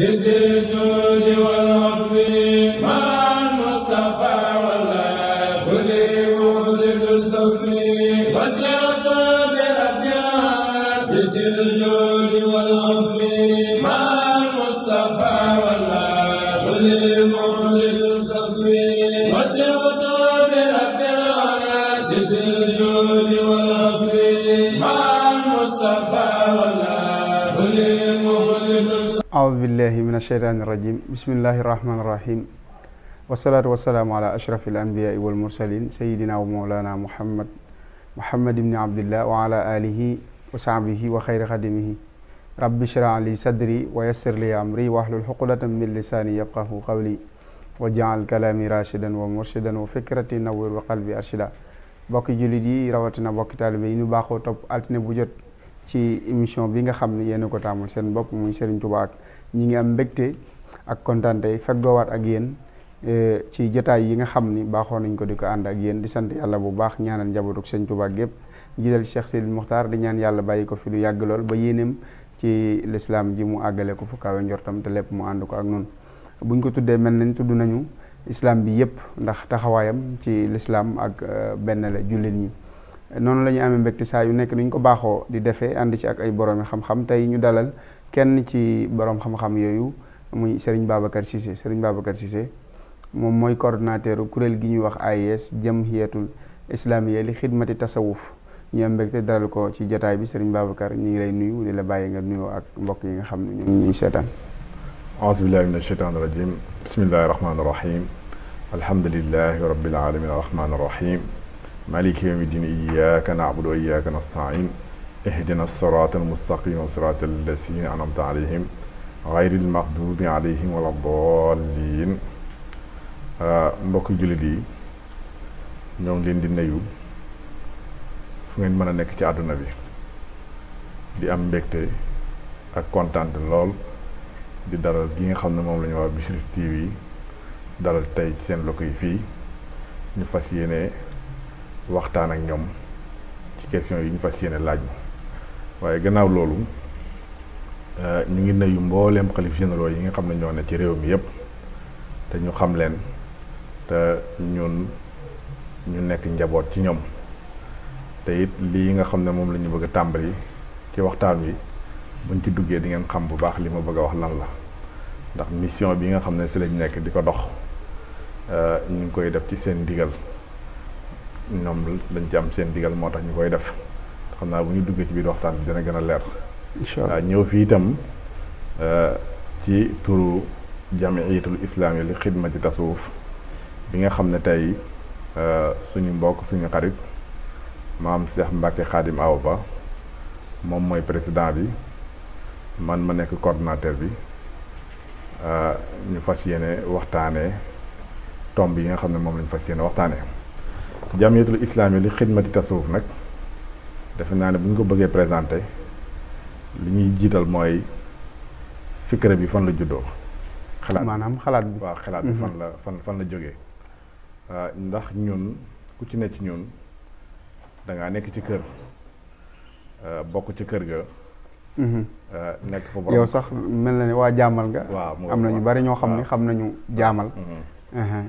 Sister billahi min alsheytaani irrajim bismillahi irrahmaani irrahim wasalaatu wasalaamu ala ashrafi alanbiyaai walmursalin sayidina wa mawlana muhammad muhammad ibni abdillah wa ala alihi wa sahbihi wa xayri xadimihi rabbi shrah li sadri wa yassir li amri wahlul xuqdatan min lisaani yafqahu qawli wa jaal kalaami rashidan wa murshidan wa fikrati nawir wa qalbi arshida bokki jullit yi rawatina bokki taalibe yi ñu baaxoo topp altine bu jot ci émission bi nga xam ne yéen ko taamul seen bopp muy Serigne Touba ak ñi ngi am mbégte ak kontaan tey feggoowaat ak yéen e, ci jotaay yi nga xam ni baaxoo nañ ko di ko ànd ak yéen di sant yàlla bu baax ñaanal njabootu sëñ Tuubaa gépp jiital Cheikh Seydil Muxtaar di ñaan yàlla bàyyi ko fi lu yàgg lool ba yéeneem ci lislaam ji mu àggale ko fu kawe njortam te lépp mu ànd ko ak noonu buñ ko tuddee mel nañ tudd nañu islam bi yëpp ndax taxawaayam ci lislaam ak e, benn la jullit ñi noonu lañu amee mbégte saa yu nekk nuñ ko baaxoo di defee ànd ci ak ay boroomi xam tey ñu dalal kenn ci borom xam-xam yooyu muy Serigne Babacar Cissé Serigne Babacar Cissé moom mooy coordonnateur kuréel gi ñuy wax AIS jamhiyatul islamiya li xidmati tasawuf ñu am mbégte daral ko ci jotaay bi Serigne Babacar ñu ngi lay nuyu di la bàyyi nga nuyoo ak mbokk yi nga xam ne ñu ngi seetaan aousubillahi min asheytan irajim bismillahi rahmani irahim alhamdulilahi rabbil alamin arrahmani irrahim maliki yawmi din iyaka na'budu wa iyaka nasta'in ihdina siraat almustaqima siraat alladina anamta alayhim bi almaxdubi alayhim wala dallin mbokk jullit yi ñoo ngi leen di nuyu fu ngeen mën a nekk ci àdduna bi di am mbégte ak kontaan lool di daral gi nga xam ne moom la ñu wax Bichri TV dalal tey ci seen lokk yi fii ñu fas yéene waxtaan ak ñoom ci question yi ñu fas yéene laaj ma waaye gannaaw loolu euh, ñu ngi nuyu mbooleem xalif généraux yi nga xam ne ñoo ne ci réew mi yépp te ñu xam leen te ñun ñu nekk njaboot ci ñoom te lii nga xam ne moom la bëgg a tàmbali ci waxtaan wi buñ ci duggee di ngeen xam bu baax li ma bëgg a wax lan la ndax mission bi nga xam ne si lañ nekk di ko dox euh, ñu ngi koy def ci seen ndigal ñoom lañ ci am seen digal moo tax ñu koy def xam naa bu ñu duggee ci biir waxtaan bi dina gën a leer. incha allah ñëw fii itam euh, ci turu jamiyatul islaami li xidmati tasawuf bi nga xam ne tey euh, suñu mbokk suñu xarit maam Cheikh Mbacke Khadim Awa Ba moom mooy président bi man ma nekk coordonnateur bi euh, ñu fas yéene waxtaanee tomb yi nga xam ne moom lañu fas yéene waxtaanee jamiyatul islaami li xidmati tasawuf nag. defe naa ne bu ñu ko bëggee présenté li ñuy jiital mooy fikra bi fan la juddoo. xalaat maanaam xalaat bi waaw xalaat bi mhm. fan la fan fan la jóge ah, ndax ñun ku ci nekk ci ñun da nekk ci kër ah, bokk ci kër ga. Mhm. Ah, nekk fa yow sax mel na ne waa jaamal nga. waaw am na ñu bari ñoo xam ne xam nañu jaamal. Mhm.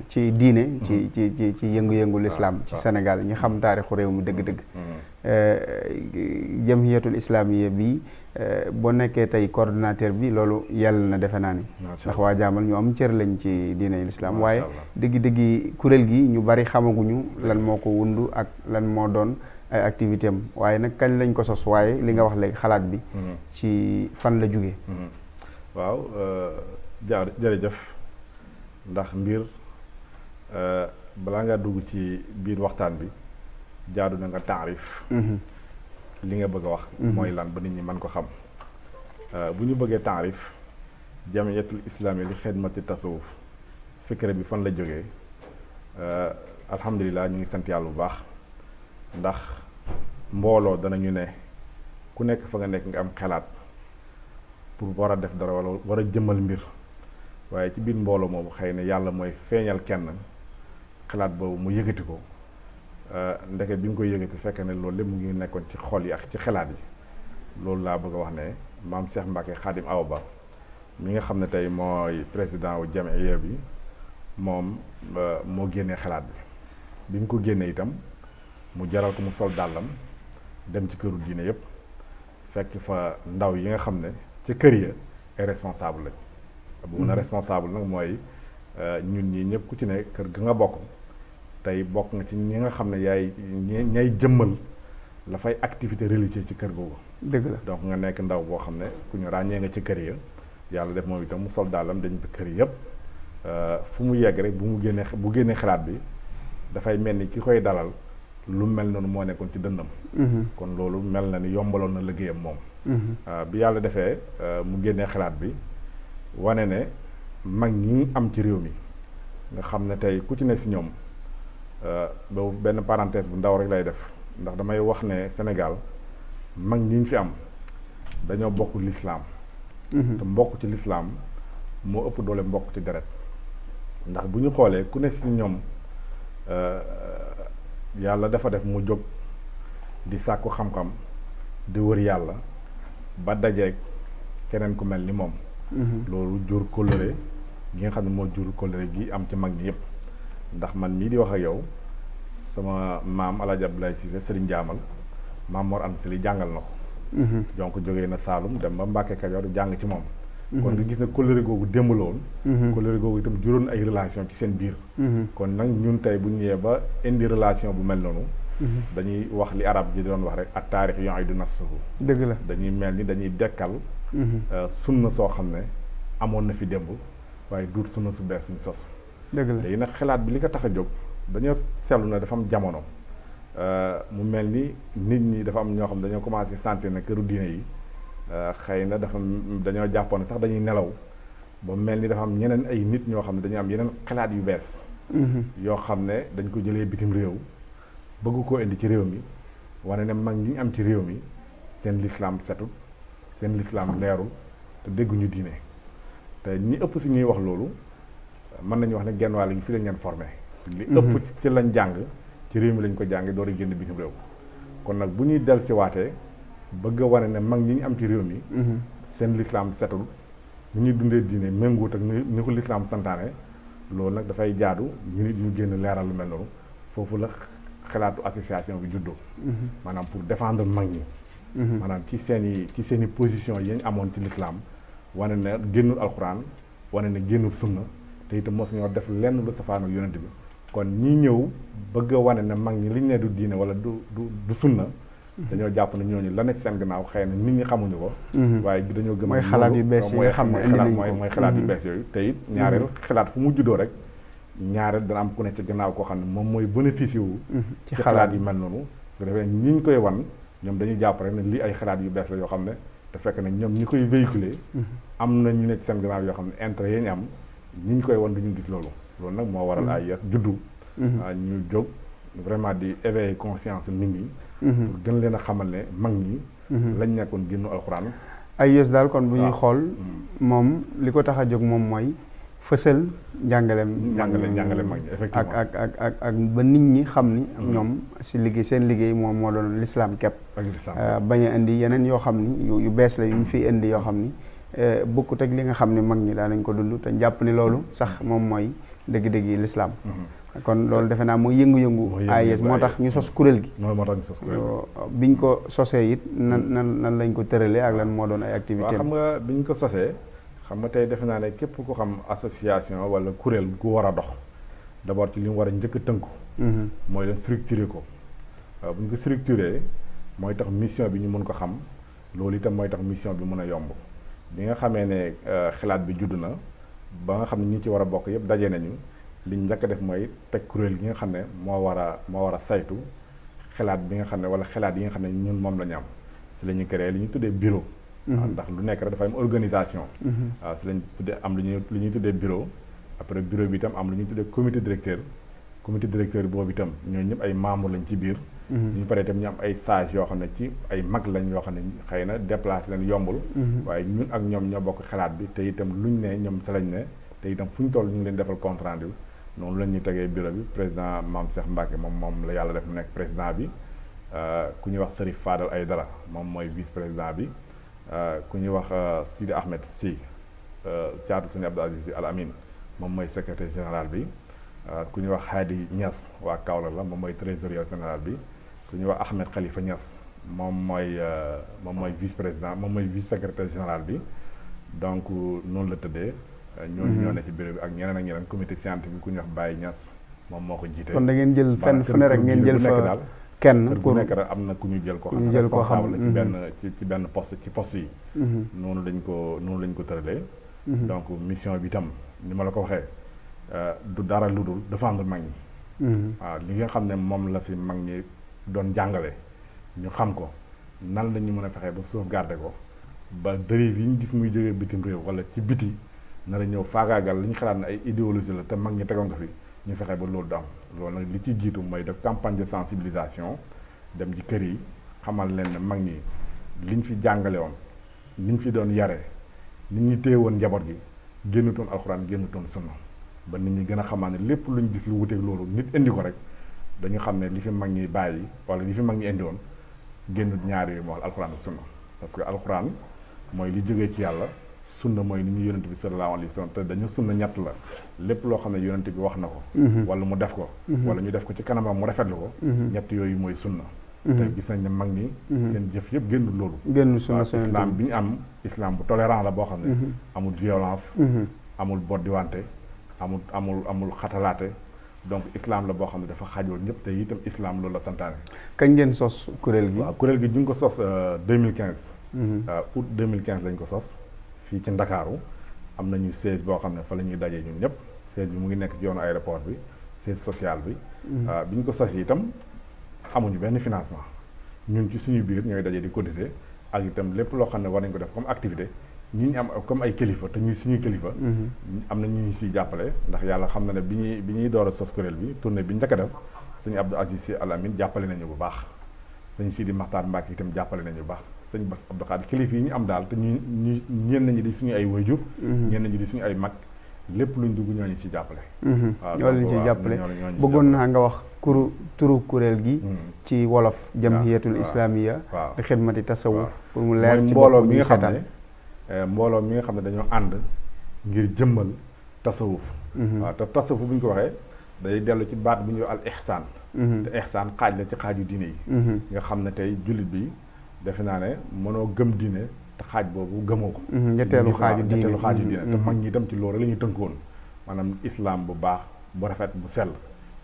ci diine ci mm-hmm. ci ci ci yëngu-yëngu ah, l'islam ci ah. Sénégal ñi xam taarixu réew mi dëgg-dëgg mm-hmm. Mm-hmm. Eh, jamhiyatul islamiya bi eh, boo nekkee tey coordonnateur bi loolu yàlla na defe naa ni ndax waa jaamal ñu am cër lañ ci diine lislaam waaye dëgg-dëggi kuréel gi ñu bari xamaguñu lan moo ko wundu ak lan moo doon ay eh, activité am waaye nag kañ lañ ko sos waaye li nga wax léegi xalaat bi ci fan la jóge waaw euh, jërëjëf ndax mbir euh, balaa nga dugg ci biir waxtaan bi jaadu na nga taarif mhm. li nga bëgg a wax mhm. mooy lan ba nit ñi man ko xam euh, bu ñu bëggee taarif jamiyatul islami li xidmati tasawuf fikre bi fan la jógee euh, alhamdulilah ñu ngi sant yàlla bu baax ndax mbooloo dana ñu ne ku nekk fa nga nekk nga am xalaat pour war a def dara war a jëmmal mbir waaye ci biir mbooloo moomu xëy na yàlla mooy feeñal kenn xalaat boobu mu yëgati ko euh, ndeke bi nga koy yëgati fekk ne loolu lépp mu ngi nekkoon xol yi ci xalaat yi loolu laa bëgg a wax ne maam Cheikh Mbacke Khadim Awa Ba mi nga xam ne tey mooy président wu jamiya bi moom euh, moo génnee xalaat bi bi mu ko génnee itam mu jaral ko mu sol dàllam dem ci këru diine yëpp fekk fa ndaw yi nga xam ne ca kër ya ay responsable lañ bu mën a responsable nag mooy euh, ñun ñi ñëpp ku ci ne kër ga nga bokk tey bokk nga ci ñi nga xam ne yaay ñay jëmmal lafay activité religieuse ci kër googu dëgg la donc nga nekk ndaw boo xam ne ku ñu ràññee nga ci kër yi yàlla def moom itam mu sol daalam dañ kër yëpp euh, fu mu yegg rek bu mu génnee bu génnee xalaat bi dafay mel ni ki koy dalal lu mel noonu moo nekkoon ci dënnam mm-hmm. kon loolu mel na ni yombaloon na liggéeyam moom mm-hmm. euh, bi yàlla defee mu génnee xalaat bi wane ne mag ñi am ci réew mi nga xam ne tey ku ci ne si ñoom euh, boobu benn parenthèse bu ndaw rek lay def ndax damay wax ne Sénégal mag ñi ñu fi am dañoo bokk lislaam mhm. te mbokk ci lislaam moo ëpp doole mbokk ci deret ndax bu ñu xoolee ku ne si ñoom euh, yàlla dafa def mu jóg di sàkku xam-xam di wër yàlla ba dajeeg keneen ku mel ni moom Mhm. loolu jur kóllëre gi nga xam ne moo jur kóllëre gi am ci mag ñi yëpp ndax man mii di wax a yow sama maam El Hadj Abdoulaye Cissé Serigne Jaamal maam Mor Anta Sali jàngal na ko. Mhm. donc jóge na Saalum dem ba Mbàkke Kajoor jàng ci moom. Mhm. kon nga gis ne kóllëre googu démb la woon. googu itam juróon ay relation ci seen biir. kon nag ñun tey bu ñu ñëwee ba indi relation bu mel noonu. dañuy wax li arab ji doon wax rek at taarix yu'iidu nafsahu dëgg la dañuy mel ni dañuy dekkal. Mm-hmm. Euh, sunna soo xam ne amoon na fi démb waaye duut sunna su bees ñu sos léegi nag xalaat bi li ko tax a jóg dañoo seetlu na dafa am jamono euh, mu mel ni nit ñi dafa am ñoo xam dañoo commencé sentir na këru diine yi euh, xëy na dafa dañoo jàppoon sax dañuy nelaw ba mel ni dafa am ñeneen ay nit ñoo xam ne dañuy am yeneen xalaat yu bees mm-hmm. yoo xam ne dañ ko jëlee bitim réew bëgg koo indi ci réew mi wane ne mag ñi ñu am ci réew mi seen lislaam setut seen lislaam leerul te dégguñu diine te ñi ëpp si ñuy wax loolu mën nañu wax ne genn wàll gi fi lañ leen formé. li ëpp mhm. ci lañ jàng ci réew mi lañ ko jàng door a génn bitim réew. kon nag bu ñuy del si waatee bëgg a wane ne mag ñi ñu am ci réew mi. Mhm. seen lislaam setul ñu ñuy dundee diine méngoot ak ni ko lislaam santaane loolu nag dafay jaadu ñu nit ñu génn leeral lu mel noonu foofu la xalaatu association bi juddoo. Mhm. maanaam pour defendre mag ñi. Mhm. maanaam ci seen ci seen i position yi ñu amoon ci lislaam wane na génnul alxuraan wane na génnul sunna te itam mos ñoo def lenn lu safaanu yonent bi kon ñi ñëw bëgg wane na mag ñi liñ ne du diine wala du du du sunna mhm. dañoo jàpp ne ñooñu la nekk seen gannaaw xëy na nit ñi xamuñu ko mhm. waaye dañoo gëm mooy xalaat yu bees yi nga xam ne mooy xalaat yu bees yooyu tey it ñaareel xalaat fu mu juddoo rek ñaareel dana am ku ne ci gannaaw koo xam ne moom mooy bénéficié wu ci xalaat yi mel noonu su defee ñi koy wan ñoom dañu jàpp rek ne lii ay xalaat yu bees la yoo xam ne da fekk nag ñoom ñi koy véhiculer mm-hmm. am na ñu ne seen gannaaw yoo xam ne intérêt yi ñu am ñi ñu koy wan duñu gis loolu loolu nag moo waral mm-hmm. ay yes juddu mm-hmm. ah, ñu jóg vraiment di éveiller conscience nit ñi pour gën leen a xamal ne mag ñi lañ nekkoon génnu alxuraan ay yes daal kon bu ñuy ah. xool mm. moom li ko tax a jóg moom mooy fësal njàngaleem. njàngaleem njàngaleem mag effectivement ak ak ak ak ak ba nit ñi xam ni. Mhm. ñoom si liggéey seen liggéey moom moo doon lislaam kepp. Euh, bañ indi yeneen yoo xam ni yu bees la yu ñu fiy indi yoo xam ni euh, bokkut ak li nga xam ni mag ñi daan nañ ko dund te jàpp ni loolu sax moom mooy dëgg-dëgg yi lislaam mhm. kon loolu defe naa mooy yëngu-yëngu. AIS moo tax ñu sos kuréel gi. moo tax ñu sos kuréel gi. ko sosee it nan nan nan lañ ko tëralee ak lan moo doon ay activité am. waaw xam nga biñ ko sosee. xam nga tey defe naa ne képp ku xam association wala kuréel gu war a dox d'abord ci li mu war a njëkk a tënku. Mhm. mooy leen structurer ko waaw bu ñu ko structurer mooy tax mission bi ñu mën ko xam loolu itam mooy tax mission bi mën a yomb bi nga xamee ne euh, xalaat bi judd na ba nga xam ne ñi ci war a bokk yëpp daje nañu li ñu def mooy teg kuréel gi nga xam ne moo war a moo war a saytu xalaat bi nga xam ne wala xalaat yi nga xam ne ñun moom la ñu am si la ñu li ñu tuddee bureau. ndax lu nekk dafa am organisation mhm. waaw si lañ tuddee am lu ñuy lu ñuy tuddee bureau après bureau bi itam am lu ñuy tuddee comité directeur comité directeur boobu itam ñooñu ñëpp ay membres lañ ci biir mhm. ñu paree itam ñu am ay sage yoo xam ne ci ay mag lañ yoo xam ne xëy na deplace leen yombul mhm. waaye ñun ak ñoom ñoo bokk xalaat bi te itam luñ ne ñoom sa lañ ne te itam fu ñu toll ñu ngi leen defal compte rendu noonu la ñuy tegee bureau bi président Mame Cheikh Mbacke moom moom la yàlla def nekk président bi euh, ku ñuy wax Serif Fadal Aydara moom mooy vice président bi Euh, ku ñuy wax euh, Sidi Ahmed si euh, caatu suñu Abdou Aziz Sy Al Amin moom mooy secrétaire général bi ku ñuy wax Hadi ñas waa Kaolack la moom mooy trésorier général bi ku ñuy wax Ahmed Khalifa ñas moom mooy moom mooy vice président moom mooy vice secrétaire général bi donc noonu la tëddee. ñooñu mm-hmm. ñoo ne ci bureau bi ak ñeneen ak ñeneen comité scientifique ku ñuy wax Baye Niass moom moo ko jiite. kon da ngeen jël fenn fu ne rek ngeen jël fa kenn ku nekk rek am na ku ñu jël ko xam ne responsable ci benn mm-hmm. ci benn poste ci poste yi mm-hmm. noonu lañ ko noonu lañ ko tëralee mm-hmm. donc mission bi itam ni ma la ko waxee euh, du dara lu dul défendre mag ñi waaw li nga xam ne moom la fi mag ñi doon jàngale ñu xam ko nan la ñu mën a fexee ba sauvegarder ko ba dérive yi gis muy jógee bitim réew wala ci biti nar a ñëw faagaagal li ñu xalaat ne ay idéologie la te mag ñi tegoon nga fi ñu fexe ba loolu du am loolu nag li ci jiitu mooy def campagne de sensibilisation dem ci kër yi xamal leen ne mag ñi liñ fi jàngale woon liñ fi doon yare nit ñi téye woon njaboot gi génnutoon alxuraan génnutoon sunna ba nit ñi gën a xamaa ne lépp lu luñ gis lu wuteeg loolu nit indi ko rek dañu xam ne li fi mag ñi bàyyi wala li fi mag ñi indi woon génnut ñaari yooyu moo alxuraan ak sunna parce que alxuraan mooy li jógee ci yàlla sunna mooy ni ñu yonent bi sallallahu alayhi wa sallam te dañu sunna ñett la lépp loo xam ne yonent bi wax na ko mhm. wala mu def ko mhm. wala ñu def ko ci kanamam mu rafetlu ko mhm. ñett yooyu mooy sunna te gis nañ ne mag ñi seen jëf yëpp génnul loolu génnul sunna islam bi ñu am islam bu tolérant la boo xam ne amul violence amul boddiwante amul amul amul xatalaate donc islam la boo xam ne dafa xaajoo ñëpp te itam islaam loolu la santaane. kañ ngeen sos kuréel gi. waaw kuréel gi ñu ngi ko sos 2015. Euh, euh, août 2015 lañ ko sos. fii ci Ndakaaru am nañu siège boo xam ne fa la ñuy dajee ñun ñëpp siège bi mu ngi nekk ci yoonu aéroport bi siège social bi. Mm-hmm. Euh, bi ñu ko sas itam amuñu benn financement ñun ci suñu biir ñooy daje di cotiser ak itam lépp loo xam ne war nañ ko def comme activité ñu ñu am comme ay kilifa te ñuy suñuy kilifa. Mm-hmm. am na ñu ñu siy jàppale ndax yàlla xam na ne bi ñuy bi ñuy door a sos kuréel bi tournée bi njëkk a def sëñ Abdou Aziz Sy Al jàppale nañu bu baax sëñ Sidi Makhtar Mbacke itam jàppale nañu bu baax. sëñ Bass Abdou Khadre kilifa yi ñu am daal te ñu ñu ñenn ñi di suñu ay wayjur mhm. ñenn ñi di suñu ay mag lépp luñ dugg ñooñu ci jàppale ñoo leen ci jàppale bëggoon naa nga wax kuru turu kuréel gi mhm. ci wolof jamhiyatul islamiya di xidmati tasawuf pour mu leer ci mbooloo mi nga eh, mbooloo mi nga xam ne dañoo ànd ngir jëmmal tasawuf mhm. waaw te tasawuf bu ñu ko waxee day dellu ci baat bu ñu al ihsaan te ihsaan xaaj la ci xaaju diine yi nga xam ne tey jullit bi defe naa ne mënoo gëm diine te xaaj boobu gëmoo ko. Mhm, ñetteelu xaaju diine ñetteelu xaaju diine te mhm. mag ñi itam ci loolu la ñu tënkoon maanaam islam bu baax bu rafet bu sel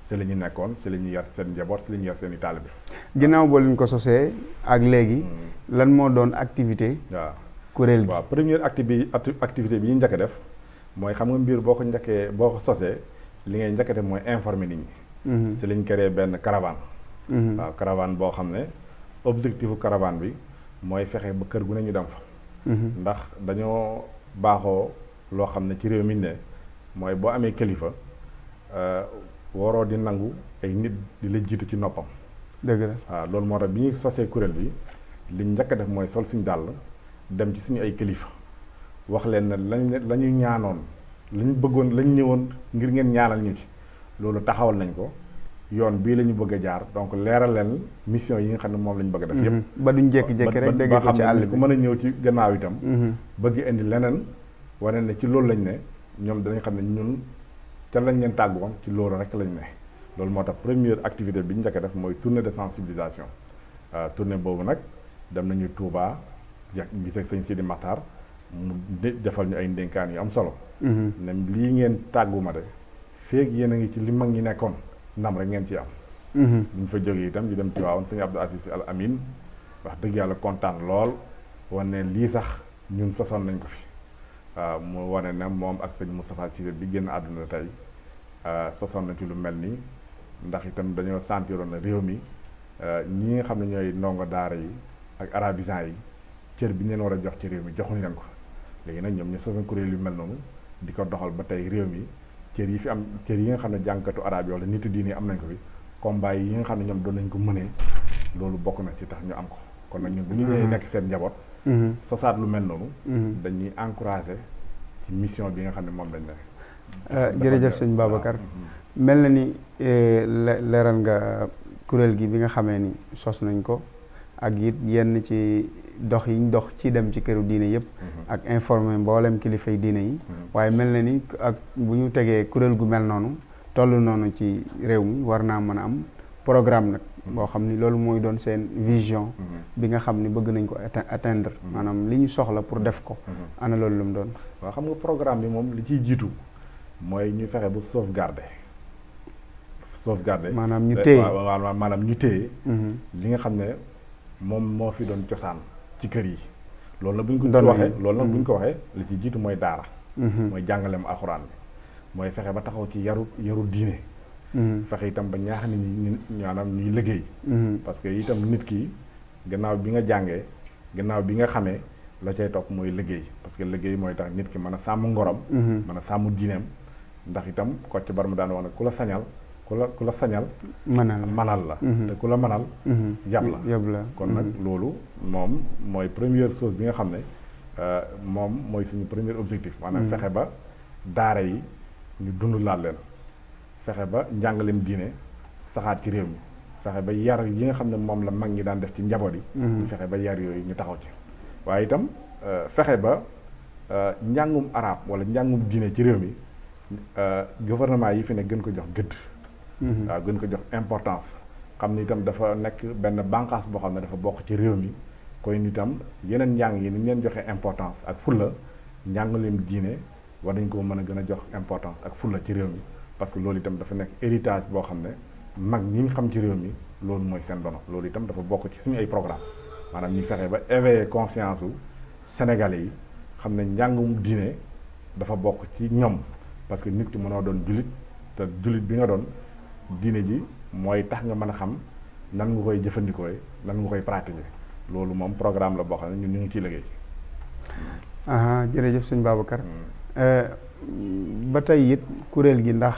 si la ñu nekkoon si la ñu yar seen njaboot si la ñu yar seen i taalibe bi. ginnaaw boo leen ko sosee ak léegi. Mhm. lan moo doon activité. waaw kuréel gi waaw première activi activité bi ñu njëkk a def mooy xam nga mbir boo ko njëkkee boo ko sosee li ngay njëkk a def mooy informé nit ñi. si lañ créé benn caravane. waaw caravane boo xam ne. objectifu caravane bi mooy fexe ba kër gu ne ñu dem fa. Mhm. ndax dañoo baaxoo loo xam ne ci réew mi ne mooy boo amee kilifa euh, waroo di nangu ay nit di la jiitu ci noppam. dëgg la waaw loolu moo tax bi ñuy sosee kuréel bi liñ njëkk a def mooy sol suñ dàll dem ci suñu ay kilifa wax leen ne lañ la ñuy ñaanoon lañ bëggoon lañ ñëwoon ngir ngeen ñaanal ñu ci loolu taxawal nañ ko. yoon bii la ñu bëgg a jaar donc leeral leen mission yi nga xam ne moom la ñu bëgg a def yëpp mhm. ba duñ jékki-jékki rek dégg ko ci àll bi ku mën a ñëw ci gannaaw itam mhm. bëgg indi leneen wane ne ci loolu lañu ne ñoom danañ xam ne ñun te lañ leen tàggu woon ci loolu rek lañ ne loolu moo tax premiere activité bi ñu njëkk a def mooy tournée de sensibilisation euh, tournée boobu nag dem nañu Touba gis ak si di Matar mu defal ñu ay ndénkaan yu am solo mhm. ne lii ngeen tàgguma de feeg yéen a ngi ci li mag ñi nekkoon ndam rek ngeen ci am. bu mhm. ñu fa jógee itam ñu dem Tiwaawan sëñ Abdou Aziz Al Amin wax dëgg yàlla kontaan lool wane ne lii sax ñun sosoon nañ ko fi waaw mu wane na moom ak sëñ Moustapha Cissé bi génn àdduna tey ah, sosoon na ci lu mel nii ndax itam dañoo sentiroon na réew mi ah, ñi nga xam ne ñooy ndongo daara yi ak arabisants yi cër bi ñu war a jox ci réew mi joxuñ leen ko léegi nag ñoom ñu sosoon kuréel yu mel noonu di ko doxal ba tey réew mi. cër yi fi am cër yi nga xam ne jàngkatu arab wala nitu diine am nañ ko fi combat yi nga xam ne ñoom doon nañ ko mënee loolu bokk na ci tax ñu am ko kon nag ñun bu ñu ñëwee mm-hmm. nekk seen njaboot mm-hmm. sosaat lu mel noonu mm-hmm. dañuy encouragé ci mission bi nga xam ne moom lañ nekk euh, jërëjëf sëñ Babacar mel na ni euh, leeral nga kuréel gi bi nga xamee ni sos nañ ko ak it yenn ci dox yiñ dox ci dem ci këru diine yëpp. Mhm. ak informé mboolem kilifay diine yi. Mhm. waaye mel na ni ak bu ñu tegee kuréel gu mel noonu toll noonu ci réew mi war naa mën a am programme nag. Mhm. boo xam ni loolu mooy doon seen vision. bi nga xam ni bëgg nañ ko atteindre. maanaam li ñu soxla pour def ko. ana loolu lu doon. waaw xam nga programme bi moom li ciy jiitu mooy ñu fexe bu sauvegarder. sauvegarder maanaam eh, maanaam ñu téye. li nga xam ne. moom moo fi doon cosaan ci kër yi. loolu nag bu ñu ko waxee loolu nag bu ñu ko mm-hmm. waxee li ci jiitu mooy daara. Mm-hmm. mooy jàngaleem alxuraan bi mooy fexe ba taxaw ci yaru yaru diine. Mm-hmm. fexe itam ba ñaax nit ñi maanaam ñuy liggéey. parce que itam nit ki gannaaw bi nga jàngee gannaaw bi nga xamee la cay topp mooy liggéey parce que liggéey mooy tax nit ki mën a sàmm ngorom. mën a sàmm diineem ndax itam Kocc Barma daan wax ne ku la sañal. ku la ku la sañal. manal manal la. Mm-hmm. te ku la manal. Mm-hmm. yab la yab kon nag mm-hmm. loolu moom mooy première chose bi nga xam ne euh, moom mooy suñu premier objectif. maanaam fexe ba daara yi ñu dund laal leen fexe ba njàngaleem diine saxaat ci réew mi fexe ba yar yi nga xam ne moom la mag ñi daan def ci njaboot yi. fexe ba yar yooyu ñu taxaw ci. waaye itam euh, fexe ba euh, njàngum arab wala njàngum diine ci réew mi gouvernement yi fi ne gën ko jox gëdd. Mhm. waaw gën ko jox importance xam ne itam dafa nekk benn bànqaas boo xam ne dafa bokk ci réew mi koy ni tam yeneen njàng yi ni ñu leen joxee importance ak fulla njàngaleem diine war nañ ko mën a gën a jox importance ak fulla ci réew mi parce que loolu itam dafa nekk héritage boo xam ne mag ñi ñu xam ci réew mi loolu mooy seen dono loolu itam dafa bokk ci suñu ay programme maanaam ñu fexe ba éveiller conscience u Sénégalais yi xam ne njàngum diine dafa bokk ci ñoom parce que nit ki mënoo doon jullit te jullit bi nga doon diine ji mooy tax nga mën a xam nan nga koy jëfandikoo nan nga koy pratiquer loolu moom programme la boo xam ne ñun ñu ngi ciy liggéey. jërëjëf sëñ Babacar. Mm. Euh, ba tey it kuréel gi ndax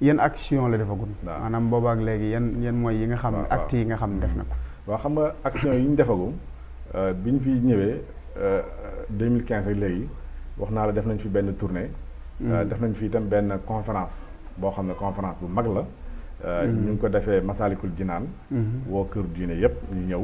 yan action la defagul. waaw maanaam boobaak léegi yan yan mooy yi nga xam ne actes yi nga xam ne def na ko. Mm. waaw xam nga action yi ñu defagum euh, bi ñu fi ñëwee euh, deux mille 2015 ak léegi wax naa la def nañ fi benn tournée. Mm. def nañ fi itam benn conférence boo xam ne conférence bu mag la. Euh, mm-hmm. ñu ngi ko defee Masalikul Jinaan mm-hmm. woo kër diine yëpp ñu ñëw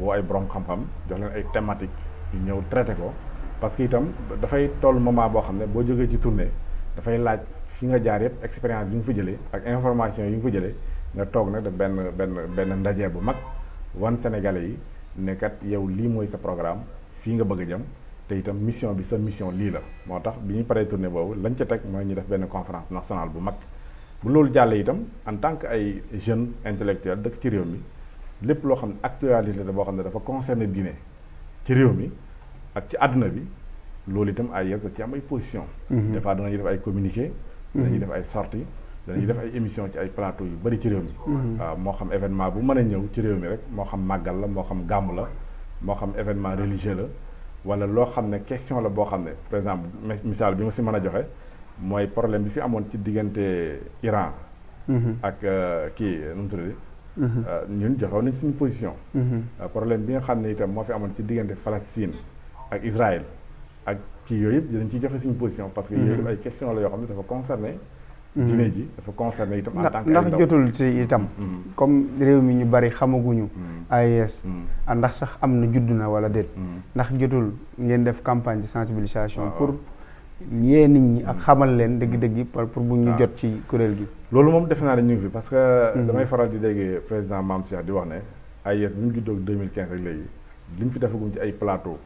woo ay borom xam-xam jox leen ay thématique ñu ñëw traité ko parce que itam dafay toll moment boo xam ne boo jógee ci tournée dafay laaj fi nga jaar yëpp expérience yi nga fa jëlee ak information yi nga fa jëlee nga toog nag def benn benn benn ndaje bu mag wan Sénégalais yi nekkat kat yow lii mooy sa programme fii nga bëgg a jëm te itam mission bi sa mission lii la moo tax bi ñu paree tournée boobu lañ ci teg mooy ñu def benn conférence nationale bu mag bu loolu jàllee itam en tant que ay jeune intellectuel dëkk ci réew mi lépp loo xam ne actualité la boo xam ne dafa concerné diine ci réew mi ak ci àdduna bi loolu itam ay yes ci am ay position mhm. des fois danañuy def ay communiqué danañuy def ay sorties mhm. dañuy def ay émission ci ay plateau yu bari ci réew mi mhm. waaw moo xam événement bu mën a ñëw ci réew mi rek moo xam màggal la moo xam gàmm la moo xam événement religieux la wala loo xam ne question la boo xam ne par exemple misaal bi ma si mën a joxe mooy problème bi fi amoon ci diggante Iran. Mhm. ak euh, kii euh, nu mu tudd. Mhm. Euh, ñun joxewoon nañ suñu position. Mhm. problème bi nga xam ne itam moo fi amoon ci diggante Palestine ak Israël ak kii yooyu yëpp dinañ ciy joxe suñu position. parce que yooyu ay question la yoo xam ne dafa concerné. diine ji dafa concerné itam en tant que ndax jotul ci itam. comme réew mi ñu bari xamaguñu. AES. Ah, ndax sax am na judd na wala déet. ndax jotul ngeen def campagne de sensibilisation ah, ah. pour. yee nit ñi ak xamal leen dëgg-dëgg par pour bu ñu ah. jot ci kuréel gi. loolu moom defe naa ne ñu ngi fi parce que. Mhm. damay faral di dégg président Mame Cheikh di wax ne AIS bi mu juddoo 2015 rek léegi li mu fi defagum ci ay plateau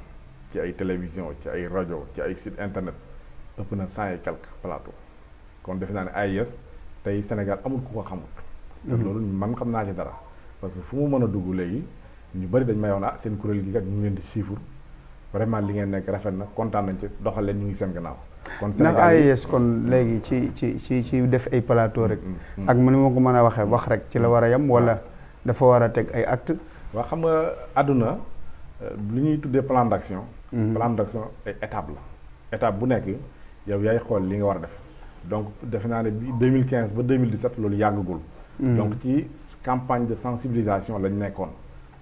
ci ay télévision ci ay rajo ci ay site internet ëpp na cent et quelques plateau kon defe naa ne AIS tey Sénégal amul ku ko xamul. Mhm. loolu man xam naa ci dara parce que fu mu mën a dugg léegi ñu bari dañ may wax ah seen kuréel gi kat ñu ngi leen di chiffre. vraiment li ngeen nekk rafet na kontaan nañ ci doxal leen ñu ngi seen gannaaw. kon Sénégal nag AIS e kon léegi ci ci ci ci def ay plateau rek. Mm, mm, mm. ak ni ma ko mën a waxee wax rek ci la war a yem wala dafa war a teg ay acte waa xam nga àdduna euh, lu ñuy tuddee plan d' action. Mm-hmm. plan d' action ay étape la étape bu nekk yow yaay xool li nga war a def donc defe naa ne bi 2015 ba deux 2017 loolu yàggagul. Mm-hmm. donc ci campagne de sensibilisation lañ nekkoon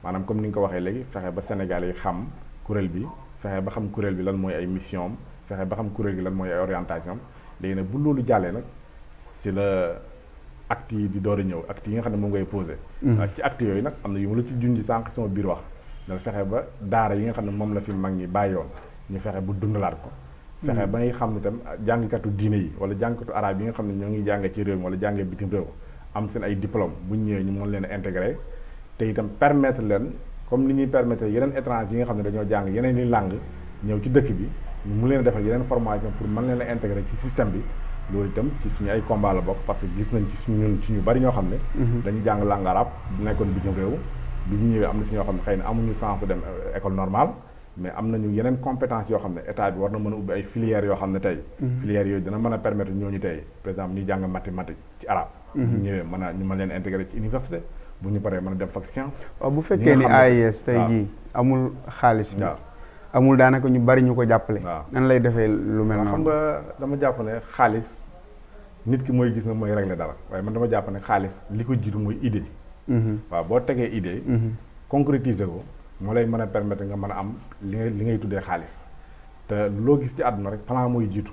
maanaam comme ni nga ko waxee léegi fexe ba Sénégal yi xam. kuréel bi fexe ba xam kuréel bi lan mooy ay mission fexe ba xam kuréel gi lan mooy ay orientation am léegi nag bu loolu jàllee nag si la actes yi di door a ñëw actes yi nga xam ne moom ngay posé. Hmm. ci actes yooyu nag am na yu ma la ci junj sànq sama biir wax dal fexe ba daara yi nga xam ne moom la fi mag ñi bàyyoon ñu fexe bu dundalaat ko. Hmm. fexe ba ngay xam ne tam jàngkatu diine yi wala jàngkatu arabe yi nga xam ne ñoo ngi jàngee ci réew mi wala jàngee bitim réew am seen ay diplôme bu ñu ñëwee ñu mën leen a intégré te itam permettre leen comme ni ñuy permettre yeneen étranger yi nga xam ne dañoo jàng yeneen i langue ñëw ci dëkk bi mu leen defal yeneen formation pour man leen a intégrer ci système bi loolu itam ci suñu ay combat la bokk parce que gis nañ ci suñu ci ñu bari ñoo xam ne mhm. dañu jàng langue arabe nekkoon bitim réew bi ñu ñëwee am na si ñoo xam ne xëy na amuñu sens dem euh, école normale mais am nañu yeneen compétence yoo xam ne état bi war na mën a ubbi ay filières yoo xam ne tey mhm. filières yooyu dina mën a permettre ñooñu tey par exemple ñuy jàng mathématique ci arabe mhm. ñu ñëwee bu ñu paree man a def ak science. waaw bu fekkee ni AIS tey jii amul xaalis bi. amul daanaka ñu bari ñu ko jàppale. nan lay defee lu mel noonu. xam nga dama jàpp xaalis nit ki mooy gis nga mooy régler dara waaye man dama jàpp ne xaalis li ko jiitu mooy idée. Mhm. waaw boo tegee idée. Mhm. concrétiser ko moo lay mën a permettre nga mën a am li ngay li ngay tuddee xaalis te loo gis ci àdduna rek plan mooy jiitu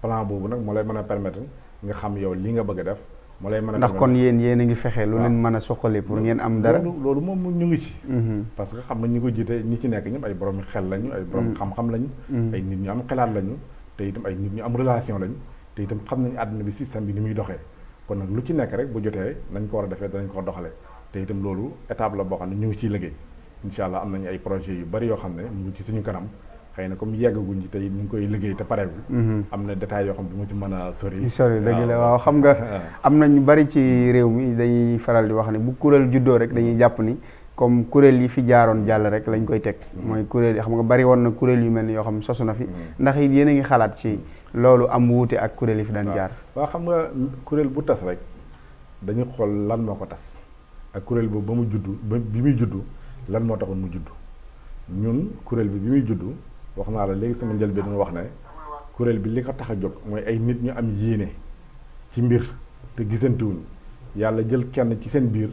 plan boobu nag moo lay mën a permettre nga xam yow li nga bëgg a def. moo lay a ndax kon yéen yéen a ngi fexe lu leen mën a soxale pour ngeen am dara loolu moom ñu ngi ci mhm. parce que xam na ñu ko jiite ñi ci nekk ñëpp ay borom xel lañu ay borom mhm. xam-xam lañu mhm. ay nit ñu am xelaat lañu te itam ay nit ñu am relation lañu te itam xam nañu àdduna bi système bi ni muy doxee kon nag lu ci nekk rek bu jotee nañ ko war a defee danañ ko doxale te itam loolu étape la boo xam ne ñu ngi ciy liggéey incha allah am nañu ay projet yu bari yoo ne mu ngi ci suñu kanam xëy na comme yeggaguñ ci tey ñu koy liggéey te pare bi mhm. am na détails yoo xam du ma mën a sori sori dëgg la waaw xam nga am na ñu bari ci réew mi dañuy faral di wax ne bu kuréel juddoo rek dañuy jàpp ni comme kuréel yi fi jaaroon jàll rek lañ koy teg mhm. mooy kuréel yi xam nga bari woon na kuréel yu mel ni yoo xam sosu na fi mhm. ndax it yéen a ngi xalaat ci loolu am wuute ak kuréel yi fi daan jaar waaw xam nga kuréel bu tas rek dañu xool lan moo ko tas ak kuréel boobu ba mu juddu ba bi muy juddu lan moo taxoon mu juddu ñun kuréel bi bi muy juddu wax naa la léegi sama njël bi dañu wax ne kuréel bi li ko tax a jóg mooy ay nit ñu am yéene ci mbir te gisantewuñu yàlla jël kenn ci seen biir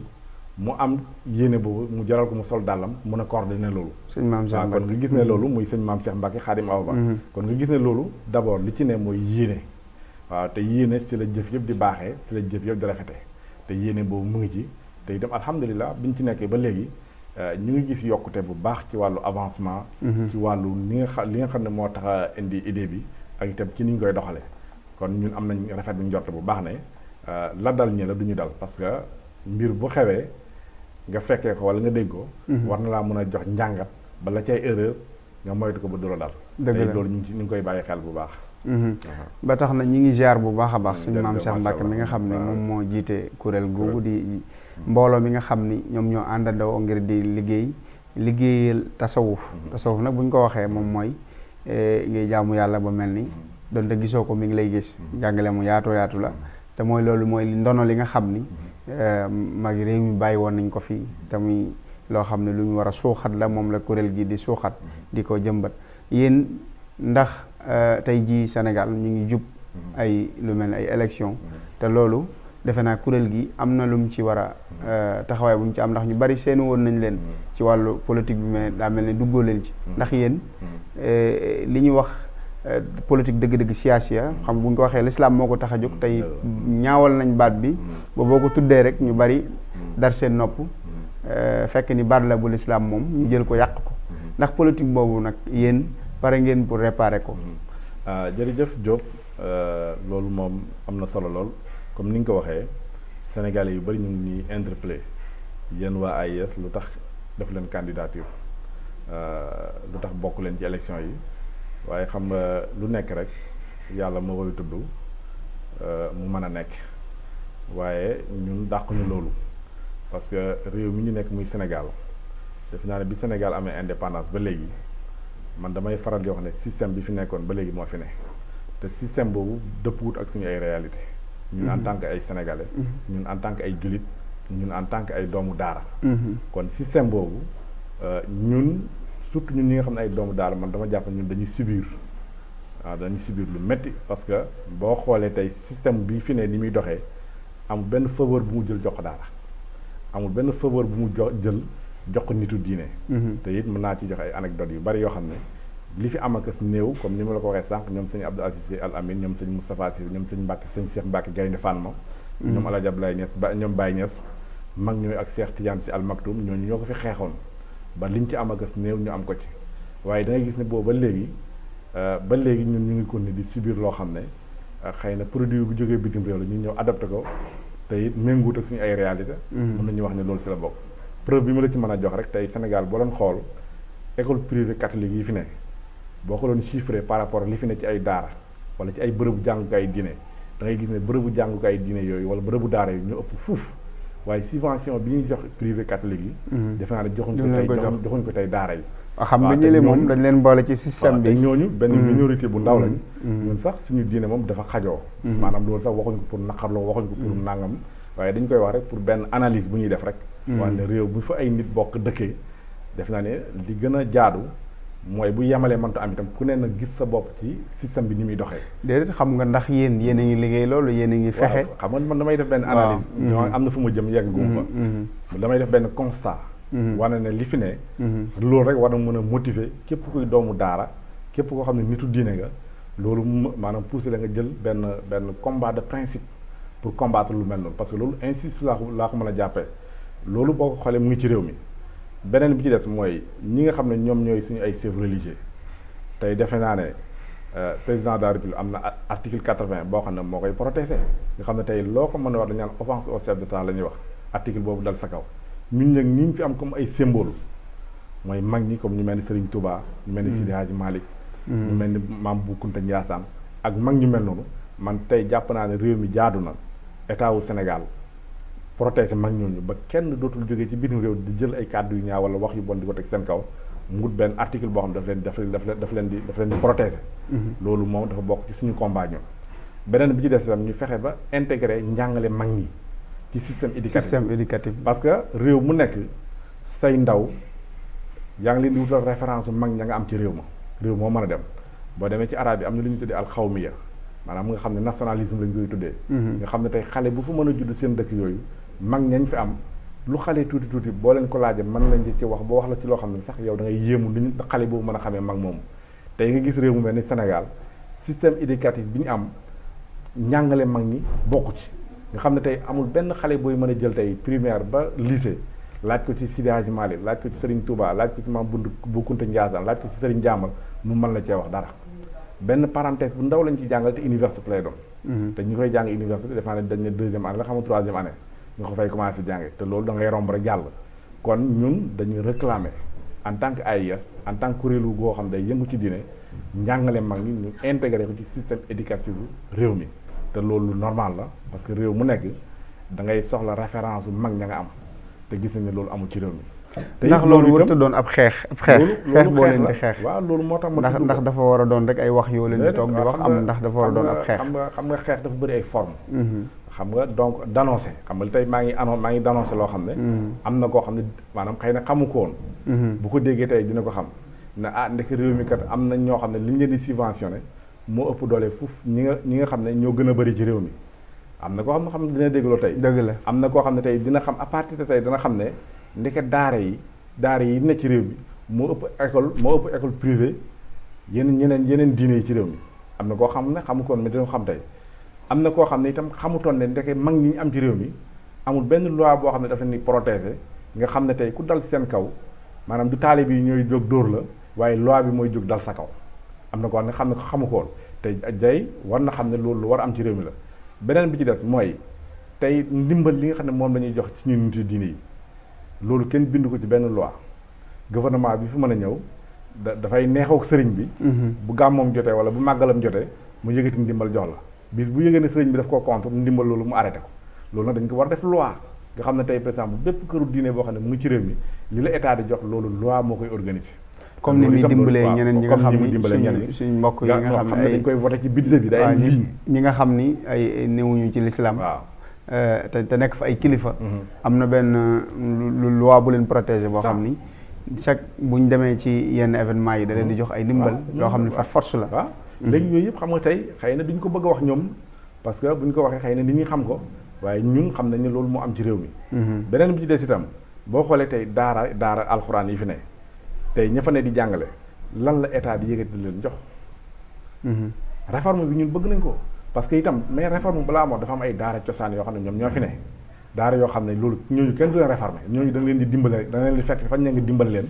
mu am yéene boobu mu jaral ko mu sol dàllam mën a coordonné loolu. sëñ maam Cheikh Mbacke kon gis ne loolu mm-hmm. muy sëñ maam Cheikh Mbacke Xaadim Awa Ba mm-hmm. kon nga gis ne loolu d' abord li ci ne mooy yéene waaw te yéene ci la jëf yëpp di baaxee ci la jëf yëpp di rafetee te yéene boobu mu ngi ci dem itam alhamdulilah ñu ci nekkee ba léegi. Euh, ñu ngi gis yokkute bu baax ci wàllu avancement. Mhm. ci wàllu li nga xam li nga xam ne moo tax indi idée bi ak itam ci ni ñu koy doxalee kon ñun am nañ rafet bu ñu jot bu baax ne euh, la dal ñi la du ñu dal parce que mbir bu xewee nga fekkee ko wala nga dégg ko. Mhm. war na laa mën a jox njàngat bala la cay erreur nga moytu ko ba du la dal. dëgg la loolu ñu ngi ci ñu ngi koy bàyyi xel bu baax. Mhm. ba tax na ñi ngi ziar bu baax a baax suñu maam Cheikh Mbacke mi nga xam ne moom moo jiite kuréel googu di mhm. mbooloo mi nga xam ni ñoom ñoo àndandoo ngir di liggéey liggéeyal tasawuf mhm. tasawuf nag bu ñu ko waxee moom mooy eh, ngay jaamu yàlla ba mel ni donte gisoo ko mi ngi lay gis jàngale mu yaatoo yaatu la te mooy loolu mooy ndono li nga xam ni eh, mag réew bàyyi woon nañ ko fii te muy loo xam ne lu ñu war a suuxat la moom la kuréel gi di suuxat di ko jëmbat ndax Euh, tey jii Sénégal ñu ngi jub mhm. ay lu mel ne ay élection mhm. te loolu defe naa kuréel gi am na lum ci war a mhm. euh, taxawaay bu mu ci am ndax ñu bari seeni woon nañ leen ci wàllu politique bi mais daa mel ni duggoo leen ci ndax yéen euh, li ñu wax politique dëgg-dëgg siyaasiya xam bu ñu ko waxee lislaam moo ko tax a jóg tey ñaawal nañ baat bi ba boo ko tuddee rek ñu bari dar seen nopp fekk ni baat la bu lislaam moom ñu jël ko yàq ko ndax politique boobu nag yéen pare ngeen pour réparer ko. Mhm. Ah, jërëjëf Diop ah, loolu moom am na solo lool comme ni nga ko waxee sénégalais yu bari ñu ngi ñuy interpellé yéen waa AIS lu tax def leen candidature ah, lu tax bokk leen ci élection yi waaye xam nga lu nekk rek yàlla moo koy tudd mu mën a nekk waaye ñun dàquñu loolu parce que réew mi ñu nekk muy Sénégal def naa ne bi Sénégal amee indépendance ba léegi. man damay faral di wax ne système bi fi nekkoon ba léegi moo fi ne te système boobu dëppuwut ak suñu ay réalité ñun en mhm. tànk ay sénégalais. Mhm. ñun en tant que ay jullit ñun en tant que ay doomu daara. Mhm. kon système boobu euh, ñun surtout ñun ñi nga xam ne ay doomu daara man dama jàpp ñun dañuy subir waaw dañuy subir lu métti parce que boo xoolee tey système bi fi ne ni muy doxee amul benn faveur bu mu jël jox ko daara amul benn faveur bu mu jo jël. jox ko nitu diine. Mhm. te it mën naa ci jox ay anecdotes yu bari yoo xam ne li fi am ak néew comme ni ma la ko waxee sànq ñoom sëñ Abdou Aziz Al Amin ñoom sëñ Moustapha Sy ñoom sëñ Mbacke sëñ Cheikh Mbacke Gaynde Fatma. Mhm. ñoom El Hadj Abdoulaye Niass ba ñoom bay Niass mag ñooy ak Cheikh Tidiane si Al Maktoum ñooñu ñoo ko fi xeexoon ba liñ ci am ak néew ñu am ko ci waaye da gis ne boobu ba léegi euh, ba léegi ñun ñu ngi continuer di biir loo xam ne euh, xëy na produit bu jógee bitim réew la ñu ñëw adapté ko te it méngoot suñu ay réalité mhm. mën nañu wax ne loolu si bokk preuve bi ma la ci mën a jox rek tey Sénégal boo doon xool école privée catholique yi fi ne boo ko doon chiffré par rapport li fi ne ci ay daara wala ci ay bërëbu jàngukaay diine da ngay gis ne bërëbu jàngukaay diine yooyu wala bërëbu daara yi ñu ëpp fuuf waaye suvention bi ñuy jox privé catholique yi. Mm-hmm. defe naa ne joxuñ ko tey joxuñ ko tey daara yi. Ah, xam nga ñële moom dañ leen boole ci système bi ñooñu benn mm-hmm. minorité bu ndaw lañ. Mm-hmm. ñun sax suñu diine moom dafa xajoo. maanaam loolu sax waxuñ ko pour naqarloo waxuñ ko pour nangam. waaye dañ koy wax rek pour benn analyse bu ñuy def rek. Hmm. wante réew bu fa ay nit bokk dëkkee def naa ne li gën a jaadu mooy bu yemalee mënta am itam ku ne na gis sa bopp ci système bi ni muy doxee. déedéet xam nga ndax yéen yéen a ngi liggéey loolu yéen ngi fexe. xam nga man damay def benn analyse. ñoo hmm. am na fu ma jëm yegg gu fa. Hmm, damay def benn constat. wane ne li fi ne. loolu rek war na mën a motiver képp kuy doomu daara képp koo xam ne nitu diine nga loolu maanaam poussé la nga jël benn benn combat de principe. pour combattre lu mel noonu parce que loolu insiste laa ko mën a jàppee loolu boo ko xoolee mu ngi ci réew mi beneen bi ci des mooy ñi nga xam ne ñoom ñooy suñu ay chefs religieux tey defe naa ne euh, président de la République am na article quatre-vingt boo xam ne moo koy protégé nga xam ne tey loo ko mën a wax dañu naan offense au chef d'État la ñuy wax article boobu dal sa kaw ñun nag ñi fi am comme ay symbole mooy mag ñi comme ñu mel ni Serigne tubaa ñu mel ni mm. Sidi Hadji Malick. Mm. ñu mel ni Maam Bu Kunta Ndiassane ak mag ñu mel noonu man tey jàpp naa ne réew mi jaadu na. état wu Sénégal protéger mag ñooñu ba kenn dootul jógee ci biir réew di jël ay kàddu yu ñaaw wala wax yu bon di ko teg seen kaw mu wut benn article boo xam daf leen daf leen daf leen di daf leen mhm. loolu moom dafa bokk ci suñu combat ñoom. beneen bi ci des itam ñu fexe ba intégrer njàngale mag ñi ci système éducatif système éducatif que réew mu nekk say ndaw yaa ngi leen di wutal référence mag ña nga am ci réew ma réew moo mën a dem boo demee ci arab yi am na lu ñu tuddee alxawmiya maanaam nga xam ne nationalisme lañ koy tuddee. Mhm. nga xam ne tey xale bu fa mën a judd seen dëkk yooyu mag ñañ fi am lu xale tuuti tuuti boo leen ko laajee mën lañ ci wax boo wax la ci loo sax yow da ngay yéemu ni xale boobu mën a xamee mag moomu tey nga gis réew mu mel ni Sénégal système éducatif bi ñu am njàngale mag ñi bokku ci nga xam ne tey amul benn xale booy mën a jël tey primaire ba lycée laaj ko ci Seydi laaj ko ci Serigne Touba laaj ko ci Maam Bundu Bokkunte Ndiassane laaj ko ci Serigne Jaamal mu man la cee wax dara benn parenthèse bu ndaw lañ ci jàngal te université lay doon. Mhm. te ñu koy jàng université defe naa dañ ne deuxième année la xam nga troisième année nga ko fay commencé jànge te loolu da ngay romb rek jàll. kon ñun dañu réclamer en tant que AIS en tant que kuréelu goo xam day yëngu ci diine njàngale mag ñi ñu intégré ko ci système éducatif réew mi te loolu normal la parce que réew mu nekk da ngay soxla référence bu mag ña nga am te gis nañ loolu amul ci réew mi. ndax loolu warut a doon ab xeex ab xeex xeex boo leen di xeex waaw loolu moo tax ndax ndax dafa war a doon rek ay wax yoo leen di toog di wax am ndax dafa war a doon ab xeex xam nga xam nga xeex dafa bëri mhm. nga donc d'annoncer xam nga tey maa ngi annoncé maa ngi d'annoncer loo xam ne mhm. am na koo xam ne maanaam xëy na xamu ko woon mhm. bu ko déggee tey dina ko xam ne ah ndek réew mi am na ñoo xam ne li ñu leen di subventionné moo ëpp doole fuuf ñi nga ñi nga xam ne ñoo gën a bëri ci réew mi am na koo xam ne xam ne dina dégloo tey dëgg la am na koo xam ne tey dina xam à partir de tey dana xam ne ndeke daara yi daara yi ne ci réew mi moo ëpp école moo ëpp école privée yeneen yeneen yeneen diine yi ci réew mi am na koo xam ne xamu koon mais dañoo xam tey am na koo xam ne itam xamutoon ne ndeke mag ñi ñu am ci réew mi amul benn loi boo xam ne dafa ni protéger nga xam ne tey ku dal seen kaw maanaam du taalib yi ñooy jóg dóor la waaye loi bi mooy jóg dal sa kaw am na koo xam ne xam ne xamu koon tey jay war na xam ne loolu lu war a am ci réew mi la beneen bi ci des mooy tey ndimbal li nga xam ne moom la ñuy jox ci ñun nit diine yi loolu kenn bind ko ci benn loi gouvernement bi fi mën a ñëw da dafay neexoo sëriñ bi. Mhm. bu gàmmoom jotee wala bu màggalam jotee mu yëgati ndimbal jox la bis bu yëgee ne sëriñ bi daf koo contre ndimbal loolu mu arrêté ko loolu nag ko war def loi nga xam ne tey par exemple bépp këru diine boo xam ne mu ngi ci réew mi li la état di jox loolu loi moo koy organiser. comme ni muy dimbalee ñeneen ñi nga xam ni suñ mbokk yi nga xam ne dañ koy voté ci budget bi. day ñi nga xam ni ay néewuñu ci lislaam Euh, te te nekk fa ay kilifa. Mhm. am na benn lu loi bu leen protégé boo xam ni. chaque bu ñu demee ci yenn événement yi da leen di mhm. jox ay ndimbal. loo xam ne par force la. waaw mhm. léegi yooyu yëpp xam nga tey xëy na du duñ ko bëgg a wax ñoom parce que buñ ko waxee xëy na nit ñi xam ko waaye ñun xam nañ ne loolu moo am ci réew mi. beneen bi ci des itam boo xoolee tey daara daara alxuraan yi fi ne tey ña ne di jàngale lan la état di yëkkati leen jox. réforme bi ñun bëgg nañ ko. parce que itam mais réforme balaa amoon dafa am ay daara cosaan yoo xam ne ñoom ñoo fi ne daara yoo xam ne loolu ñooñu kenn du leen réformé ñooñu dañ leen di dimbale rek fekk fañ ne nga dimbal leen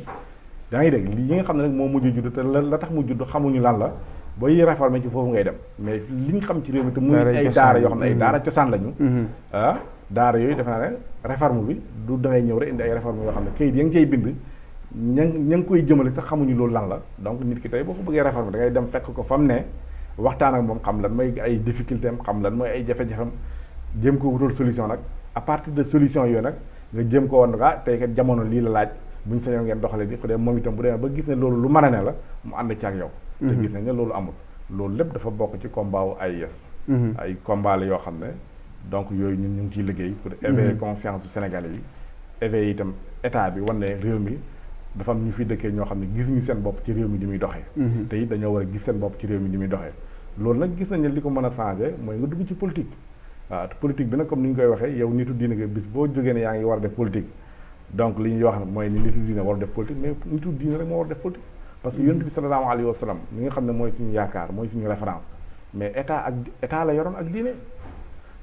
yaa ngi dégg li nga xam ne nag moo mujj judd te la tax mu judd xamuñu lan la booy dem mais li ñu xam ci réew mi te muy ay daara yoo xam ne ay mm-hmm. mm-hmm. ah bi du dangay ñëw rek indi ay yoo xam ne kayit ya ngi cay bind ña ña koy jëmale sax xamuñu loolu lan la donc nit ki tey boo ko bëggee réforme da ngay dem fekk ko fa fam ne waxtaan ak moom xam lan mooy ay difficulté am xam lan mooy ay jafe-jafam jéem ko wutal solution nag à partir de solution yooyu nag nga jëm ko woon ah tey kat jamono lii la laaj bu ñu sañoon ngeen doxale bi ku dee moom itam bu demee ba gis loolu lu mën a ne mu ànd ci yow mm-hmm. te gis nañ ne loolu amul loolu lépp dafa bokk ci combat wu ay yes mm-hmm. ay combat yoo xam ne donc yooyu ñun ñu ngi ciy liggéey pour mm-hmm. éveiller conscience du Sénégalais yi éveiller itam état bi wan ne réew mi dafa am ñu fi dëkkee ñoo xam ne gis seen bopp ci réew mi di muy doxee te dañoo war a gis seen bopp ci réew mi di muy doxee loolu nag gis nañ li ko mën a changé mooy nga dugg ci politique waaw ah, politique bi nag comme ni ñu koy waxee yow nitu diine nga bis boo jógee ne yaa ngi war a def politique donc li ñuy wax mooy ni nitu diine a def politique mais nitu diine rek moo war a def politique parce que mm. yonent bi yaakaar mooy suñu référence mais état ak état la yoroon ak diine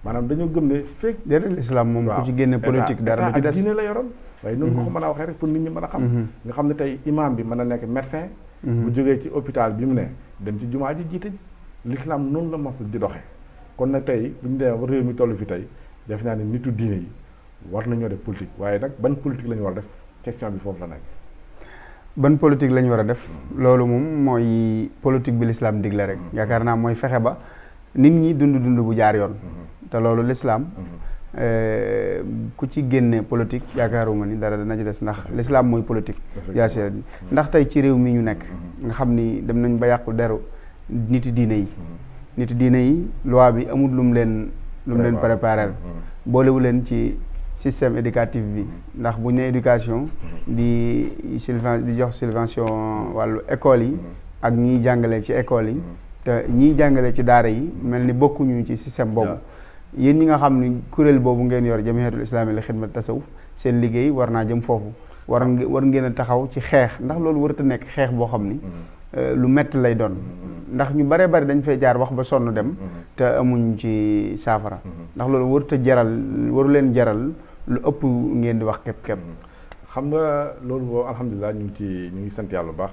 maanaam dañoo gëm ne fekk déedéet islam moom ku ci génne politique dara diine la yoroon waaye noonu ko mm-hmm. mën a waxee rek pour nit ñi mën a xam mm-hmm. nga xam ne tey imam bi mën a nekk médecin mm-hmm. bu jógee ci hôpital bi mu ne dem ci jumaa ji jiite lislaam noonu la mas di doxe kon nag tey bu ñu demee ba réew mi tollu fi tey def naa ne nitu diine yi war nañoo def politique waaye nag ban politique lañu war a def question bi foofu la nekk. ban politique la ñu war a def hmm. loolu moom mooy politique bi l'islam digle rek hmm. yaakaar naa mooy fexe ba nit ñi dund dund bu jaar yoon hmm. te loolu l'islam eh, ku ci génne politique ma ni dara dana ci des ndax lislaam mooy politique yaa ndax tey ci réew mi ñu nekk nga xam ni dem nañ ba yàqu deru nit diina yi hmm. nit diina yi loi bi amul lum leen lum leen préparer hmm. boolewu leen ci système éducatif bi hmm. ndax bu ñu nee éducation di subven di jox subvention wàllu école yi ak ñiy jàngale ci école yi te ñiy jàngale ci daara yi mel ni bokkuñu ci système boobu yéen ñi nga xam ni kuréel boobu ngeen yor jamiyatul islami la xidmat tasawuf seen liggéey war naa jëm foofu war war ngeen a taxaw ci xeex ndax loolu warut a nekk xeex boo xam ni Euh, lu metti lay doon ndax ñu bare bari dañ fay jaar wax ba sonn dem te amuñ ci saafara ndax loolu warut jaral waru leen jaral lu ëpp ngeen di wax képp képp xam nga loolu boo alhamdulilah ñu ngi ci ñu ngi sant yàlla bu baax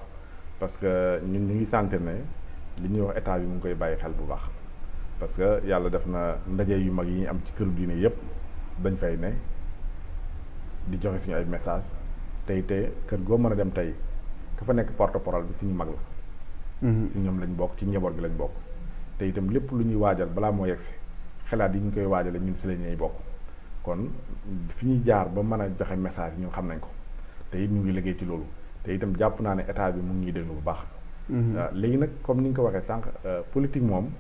parce que ñun ñu ngi sentir ne li ñuy wax état yi mu ngi koy bàyyi xel bu baax parce que yàlla def na ndaje yu mag yi ñu am ci këru diine yëpp dañ fay ne di joxe suñu ay message tey tey kër goo mën a dem tey ka nekk porte parole bi suñu mag la. Mhm. si ñoom lañ bokk ci njaboot bi lañ bokk. te itam lépp lu ñuy waajal balaa moo yegsi xalaat yi ñu koy waajale ñun si la ñuy bokk kon fi ñuy jaar ba mën a joxe message ñun xam nañ ko te it ñu ngi liggéey ci loolu te itam jàpp naa ne état bi mu ngi ñuy déglu bu baax. Mhm. Euh, léegi nag comme ni ñu ko waxee sànq euh, politique moom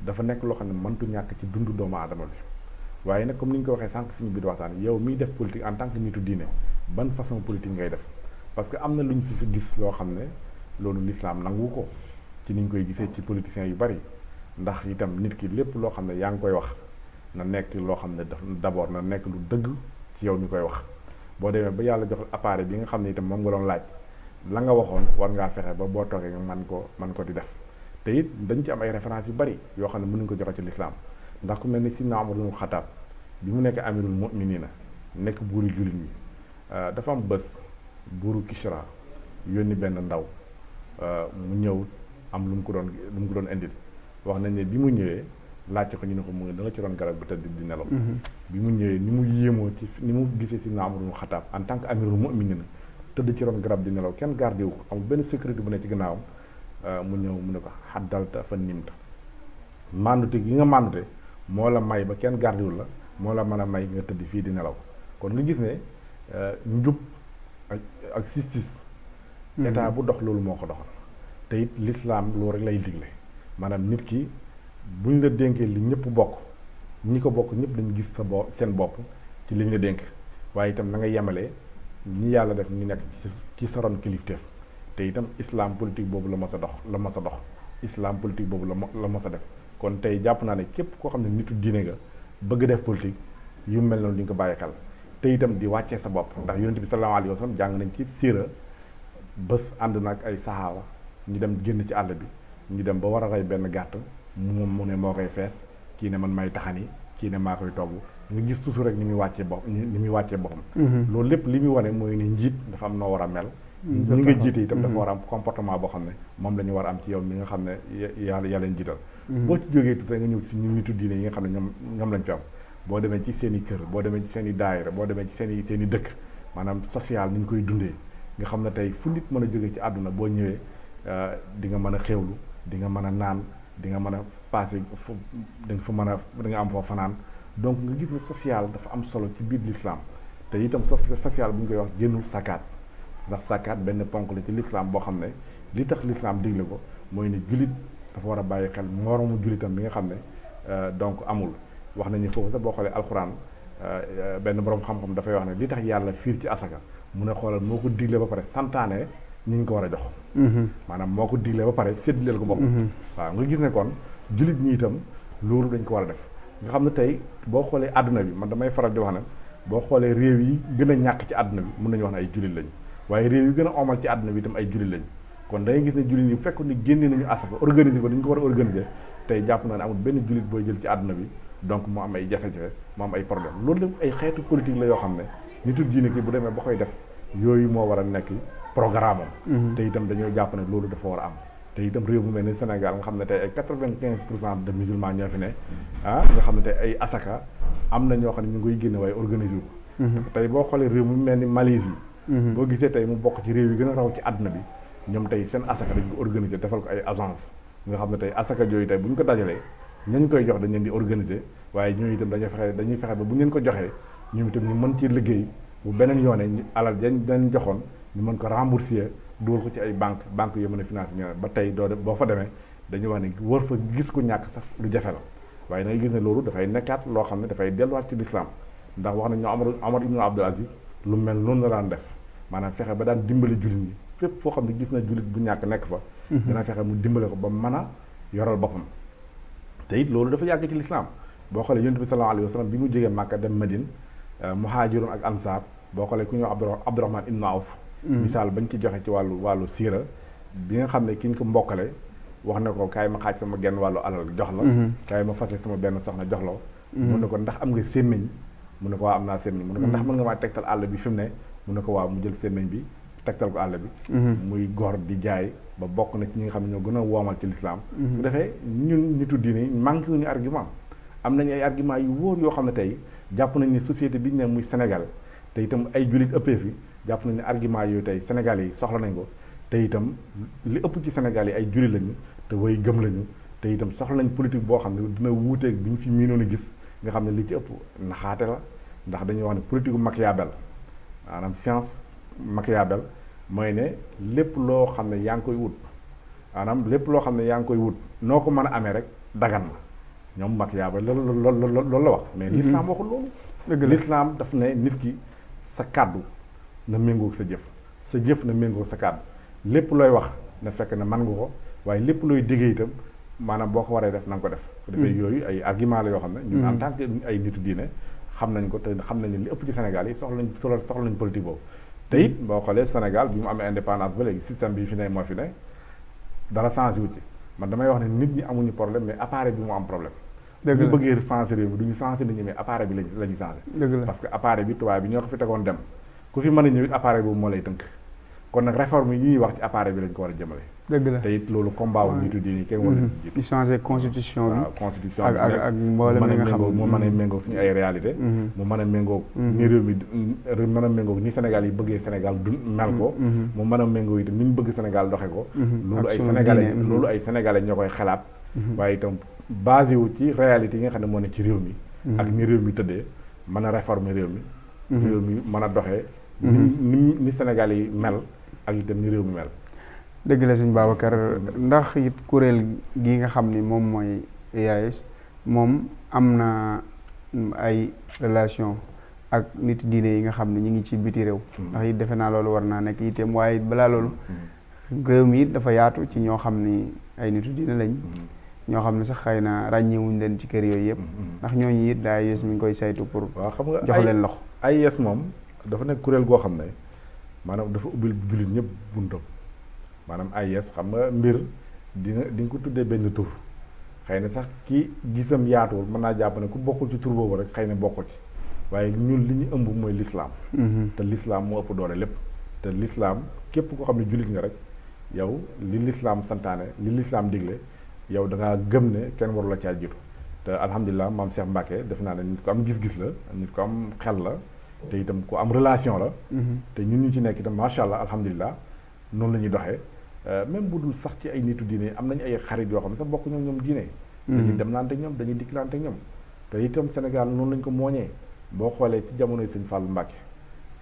dafa nekk loo xam ne mëntu ñàkk ci dundu doomu aadama bi waaye nag comme ni nga ko waxee sànq suñu biir waxtaan yow miy en tant que nitu diine ban façon politique ngay def. parce que am na lu ñu fi gis loo xam ne loolu lislaam nangu ko ci niñ koy gisee ci politiciens yu bari ndax itam nit ki lépp loo xam ne yaa ngi koy wax na nekk loo xam ne daf d'abord na nekk lu dëgg ci yow ñu koy wax boo demee ba yàlla jox appareil bi nga xam ne itam moom nga doon laaj la nga waxoon war ngaa fexe ba boo toogee nga man ko man ko di def te it dañ ci am ay références yu bari yoo xam ne mënuñ ko joxee ci lislaam ndax ku mel ni Sidna Umar ibn Xattaab bi mu nekk amirul mu'minina nekk buuri jullit ñi euh, dafa am bés buuru Kisra yónni benn ndaw euh, mu ñëw am lu mu ko doon lu mu ko doon indil wax nañ ne bi mu ñëwee laajte ko ñu ne ko mu ngi da nga ci doon garab bu tëdd di nelaw mm-hmm. bi mu ñëwee ni mu yéemoo ci ni mu gisee si na mu xataab en tant que amirul mu'minin tëdd ci ron garab di nelaw kenn gardé wu benn sécurité bu ne ci gannaawam euh, mu ñëw mu ne ko xaddalta fa nimta màndute gi nga màndute moo la may ba kenn gardiwul la moo la mën a may nga tëdd fii di nelaw kon nga gis ne euh, njub ak justice mhm. état bu dox loolu moo ko dox te it l'islam loolu rek lay digle maanaam nit ki buñ la dénkee li ñëpp bokk ñi ko bokk ñëpp dañu gis sa bo seen bopp ci liñ la dénk waaye itam na nga yemale ñi yàlla def ñu nekk ci saron kilifteef tey itam islaam politique boobu la mas a dox la mas a dox islam politique boobu la la mas a def kon tey jàpp naa ne képp koo xam ne nitu dine nga bëgg def politique yu mel noonu di nga ko bàyyi xel te itam di wàccee sa bopp ndax yonent bi sallallahu alayhi wa sallam jàng nañ ci siira bés ànd nag ay saxaaba ñu dem génn ci àll bi ñu dem ba war a rey benn gàtt moom mu ne moo koy fees kii ne man may taxani kii ne maa koy togg nga gis toujours rek ni muy wàccee bopp ni muy wàccee boppam mm-hmm. loolu lépp li muy wane mooy ne njiit dafa am noo war a mel mm-hmm. ñi nga jiite itam dafa mm-hmm. war a am comportement boo xam ne moom la ñu war am ci yow mi nga xam ne yàlla yaa leen jiital boo ci jógee tuuti nga ñëw si ñu nitu diine yi nga xam ne ñoom lañ fi boo demee ci seen i kër boo demee ci seen i daayira boo demee ci seeni seeni seen i dëkk maanaam social ni ñu koy dundee nga xam ne tey fu nit mën a jóge ci àdduna boo ñëwee euh, di nga mën a xewlu di nga mën a naan di nga mën a passé fu da nga fa mën a da am foo fanaan donc nga gis social dafa am solo ci biir l'islam te itam social bu ñu koy wax génnul sàkkaat ndax sakaat benn ponk la ci l'islam boo xam ne li tax l'islam digle ko mooy ne jullit dafa war a bàyyi xel moroomu jullitam bi nga xam ne euh, donc amul wax nañu foofu sax boo xoolee alxuraan euh, euh, benn borom xam-xam dafay wax ne li tax yàlla fiir ci asaka mu ne xoolal moo ko digle ba pare santaane ñi ñu ko war a jox. Mm-hmm. maanaam moo ko digle ba pare séddileel ko bopp. Mm-hmm. waaw nga gis ne kon jullit ñi itam loolu dañ ko war a def nga xam ne tey boo xoolee àdduna bi man damay faral di wax ne boo xoolee réew yi gën a ñàkk ci àdduna bi mun nañu wax ne ay jullit lañ waaye réew yi gën a omal ci àdduna bi itam ay jullit kon da ngay gis ne jullit yi war a organiser tey jàpp naa ne amul benn jullit jël ci àdduna bi donc mu am ay jafe-jafe mu am ay problème loolu lépp ay xeetu politique la yoo xam ne nitu diine ki bu demee ba koy def yooyu moo war a nekk programme am mhm. te itam dañoo jàpp ne loolu dafa war a am te itam réew mu mel ni Sénégal nga xam ne tey ay quatre pour cent de musulmans ñoo fi ah, nga xam ne ay asaka am na ñoo xam ne ñu ngi koy génne waaye organisé wu mhm. tey boo xoolee réew mu mel ni Malaisie mhm. boo gisee tey mu bokk ci réew yi gën a raw ci àdduna bi ñoom tey seen asaka dañ ko defal ko ay agence nga xam ne tey asaka yooyu tey bu ñu ko dajalee ñañ koy jox dañ di organiser waaye ñooñu itam dañuy fexe dañuy fexe ba bu ngeen ko joxee ñoom itam ñu mën ci liggéey bu beneen yoone alal dañ dañ joxoon ñu mën ko rembourser dugal ko ci ay banque banque yoo mën a financer ñoo ba tey doo boo fa demee dañu wax ne wër fa gis ku ñàkk sax lu jafe la waaye da gis ne loolu dafay nekkaat loo xam ne dafay delluwaat ci lislaam ndax wax nañ ñoo Omar Omar ibn Abdul Aziz lu mel noonu la daan def maanaam fexe ba daan dimbali jullit yi fépp foo xam ne gis na jullit bu ñàkk nekk fa mhm. dana fexe mu dimbale ko ba mën a yoral boppam te loolu dafa yàgg ci lislaam boo xoolee yonent bi sallallahu alayhi wa sallam bi mu jógee Màkka dem Madine euh, muhaajiroon ak ansaar boo xoolee ku ñuy wax Abdurahmaan ibn Awf mm-hmm. misaal bañ ci joxee ci wàllu wàllu siira bi nga xam ne ki ñu ko mbokkale wax na ko kaay ma xaaj sama genn wàllu alal jox la mm-hmm. kaay ma fase sama benn soxna jox la mm-hmm. mun ne ko ndax am nga sémmiñ mun na ko waa am naa sémmiñ mun na ko ndax mën nga maa tegtal àll bi fi mu ne na ko waaw mu jël sémmiñ bi tegtal ko àll bi mhm. muy gor di jaay ba bokk na ci ñi nga xam ne ñoo gën a woomal ci lislaam mu mhm. defee ñun nitu diine manqué wuñu argument am nañu ay argument yu wóor yoo xam ne tey jàpp nañ ne société bi ne muy Sénégal te ay jullit ëppee fi jàpp nañ ne argument yooyu tey Sénégal yi soxla nañ ko te itam li ëpp ci Sénégal yi ay jullit lañu te way gëm lañu te itam soxla nañ politique boo xam ne dina wuuteeg bi ñu fi miinoon a gis nga xam ne lii ci ëpp naxaate la ndax dañuy wax ne politique Machiavel maanaam science Machiavel mooy ne lépp loo xam ne yaa ngi koy wut maanaam lépp loo xam ne yaa ngi koy wut noo ko mën a amee rek dagan la ñoom mat yaaba loolu loolu la wax mais mhm. l'islam waxul loolu l'islam daf ne nit ki sa kàddu na méngoog sa jëf sa jëf na méngoog sa kàddu lépp looy wax na fekk ne man nga ko waaye lépp looy déggee itam maanaam boo ko waree def na ko def su mhm. defee yooyu ay argument la yoo xam ne ñun en mhm. tant que ay nitu diine xam nañ ko te xam nañ li ëpp ci Sénégal yi soxla nañ soxla nañ politique boobu tey mboo boo xoolee Sénégal bi mu amee indépendance ba léegi système bi fi ne moo fi ne dara changé wu ci man damay wax ne nit ñi amuñu problème mais appareil bi mu am problème. dëgg bëggee changé réew mi du ñu changé nit ñi mais appareil bi lañu la ñu changé. parce que appareil bi tubaab bi ñoo ko fi tegoon dem ku fi mën a ñëw it appareil boobu moo lay tënk. kon nag réforme yi ñuy wax ci appareil bi lañ ko war a jëmale. dëgg la te it loolu combat wu nitu diini kenn war a mhm. di changé constitution bi constitution bi ak a méngoog ay réalité mu mën a mhm. méngoog mhm. ni réew mi mën a méngoog ni Sénégal yi bëggee Sénégal du mel ko mu mën a méngoog itam ni ñu bëgg Sénégal doxe ko loolu ay Sénégalais loolu ay Sénégalais ñoo koy xalaat waaye itam basé wu ci réalité yi nga xam ne moo ne ci réew mi ak ni réew mi tëddee mën a réformer réew mi réew mi mën a doxee ni ni Sénégal yi mel ak itam ni réew mi mel. dëgg la sëñ Babacar ndax it kuréel gi nga xam ni moom mooy EAS moom am na ay relation ak nit diine yi nga xam ne ñu ngi ci biti réew. Hmm. ndax it defe naa loolu war naa nekk itam waaye balaa loolu. Hmm. réew mi it dafa yaatu ci ñoo xam ni ay nitu diine lañ. Hmm. ñoo xam ne sax xëy na ràññewuñ leen ci kër yooyu yëpp. ndax ñooñu yit daa yees mi ngi koy saytu pour. waaw xam nga jox leen loxo. ay moom dafa nekk kuréel goo xam ne. maanaam dafa ubbil jullit ñëpp buntam maanaam ay yees xam nga mbir dina di ko tuddee benn tur xëy na sax ki gisam yaatuwul mën naa jàpp ne ku bokkul ci tur boobu rek xëy na bokku ci waaye ñun li ñu ëmb mooy lislaam mm-hmm. te lislaam moo ëpp doole lépp te lislaam képp koo xam ne jullit nga rek yow li lislaam santaane li lislaam digle yow da ngaa gëm ne kenn warula la caa jiitu te alhamdulilah maam Cheikh Mbacke def naa ne nit ko am gis-gis la nit ko am xel la te itam ko am relation la. Mhm. te ñun ñu ci nekk itam macha allah alhamdulilah noonu la ñuy doxee euh, même bu dul sax ci ay nitu diine am nañu ay xarit yoo xam ne sax bokk ñoom ñoom diine. Mhm. dañuy demlante ñoom dañuy dikklante ñoom. te itam Sénégal noonu lañ ko mooñee boo xoolee ci jamonoy sëñ Fallou Mbacke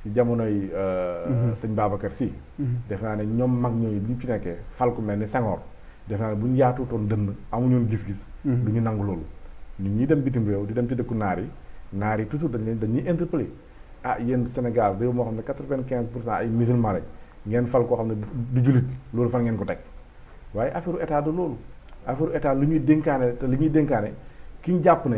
ci jamonoy. Euh, mhm. sëñ Babacar Sy. def naa ne ñoom mag ñooyu bu ñu ci nekkee fal ku mel ni Senghor def naa ne bu ñu yaatuutoon dënn amuñoon gis-gis. du ñu nangu loolu. nit ñuy dem bitim réew di dem ci dëkku naar yi naar yi toujours dañ leen dañuy interpellé. ah yéen Sénégal réew moo xam ne quatre-vingt-quinze pour cent ay musulman lañ ngeen fal koo xam ne du jullit loolu fan ngeen ko teg waaye affaire état de loolu affaire état lu ñuy dénkaane te li ñuy dénkaane ki ñu jàpp ne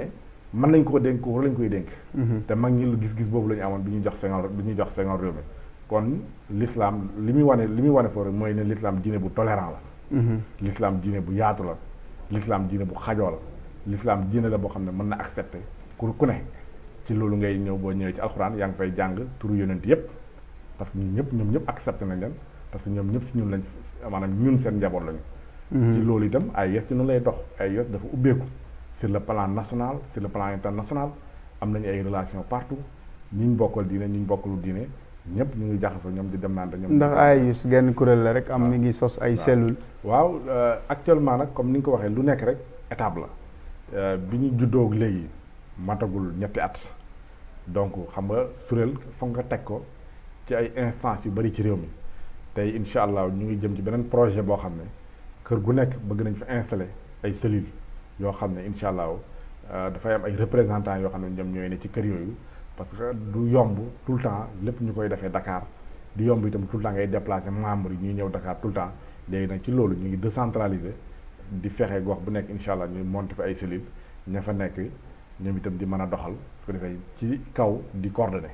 mën nañ koo dénk war lañ koy dénk mm-hmm. te mag ñi lu gis-gis boobu la ñu amoon bi ñuy jox Senghor bi ñuy jox Senghor réew mi kon lislaam li muy wane li muy wane foofu rek mooy ne lislaam diine bu tolérant la mm-hmm. l'islam diine bu yaatu la l'islam diine bu xajoo la l'islam diine la boo xam ne mën na accepter ku ku ne ci loolu ngay ñëw boo ñëwee ci alxuraan yaa ngi fay jàng turu yonent yëpp parce que ñëpp ñoom ñëpp accepté nañ leen parce que ñoom ñëpp si ñun lañ maanaam ñun seen njaboot lañu. Mhm. ci loolu itam AIS ci noonu lay dox AIS dafa ubbeeku sur le plan national sur le plan international am nañu ay relations partout ñi ñu bokkal diine ñi ñu bokkalu diine ñëpp ñu ngi jaxasoo ñoom di dem naan ñoom. ndax AIS genn kuréel la rek am mi ngi sos ay cellules. waaw euh, actuellement nag comme ni nga ko waxee lu nekk rek étape la euh, bi ñu juddoo léegi matagul ñetti at. donc xam nga Suréel foog nga teg ko ci ay instances yu bari ci réew mi tey incha allah ñu ngi jëm ci beneen projet boo xam ne kër gu nekk bëgg nañ fa installer ay cellules yoo xam ne incha allah euh, dafay am ay représentants yoo xam ne ñoom ñooy ne ci kër yooyu parce que du yomb tout le temps lépp ñu koy defee dakaar du yomb itam tout le temps ngay déplacer membres yi ñuy ñëw Dakar tout le temps léegi nag ci loolu ñu ngi décentraliser di fexe gox bu nekk incha allah ñu monter fa ay cellules ña fa nekk. ñoom itam di mën a doxal su ko defee ci kaw di coordonné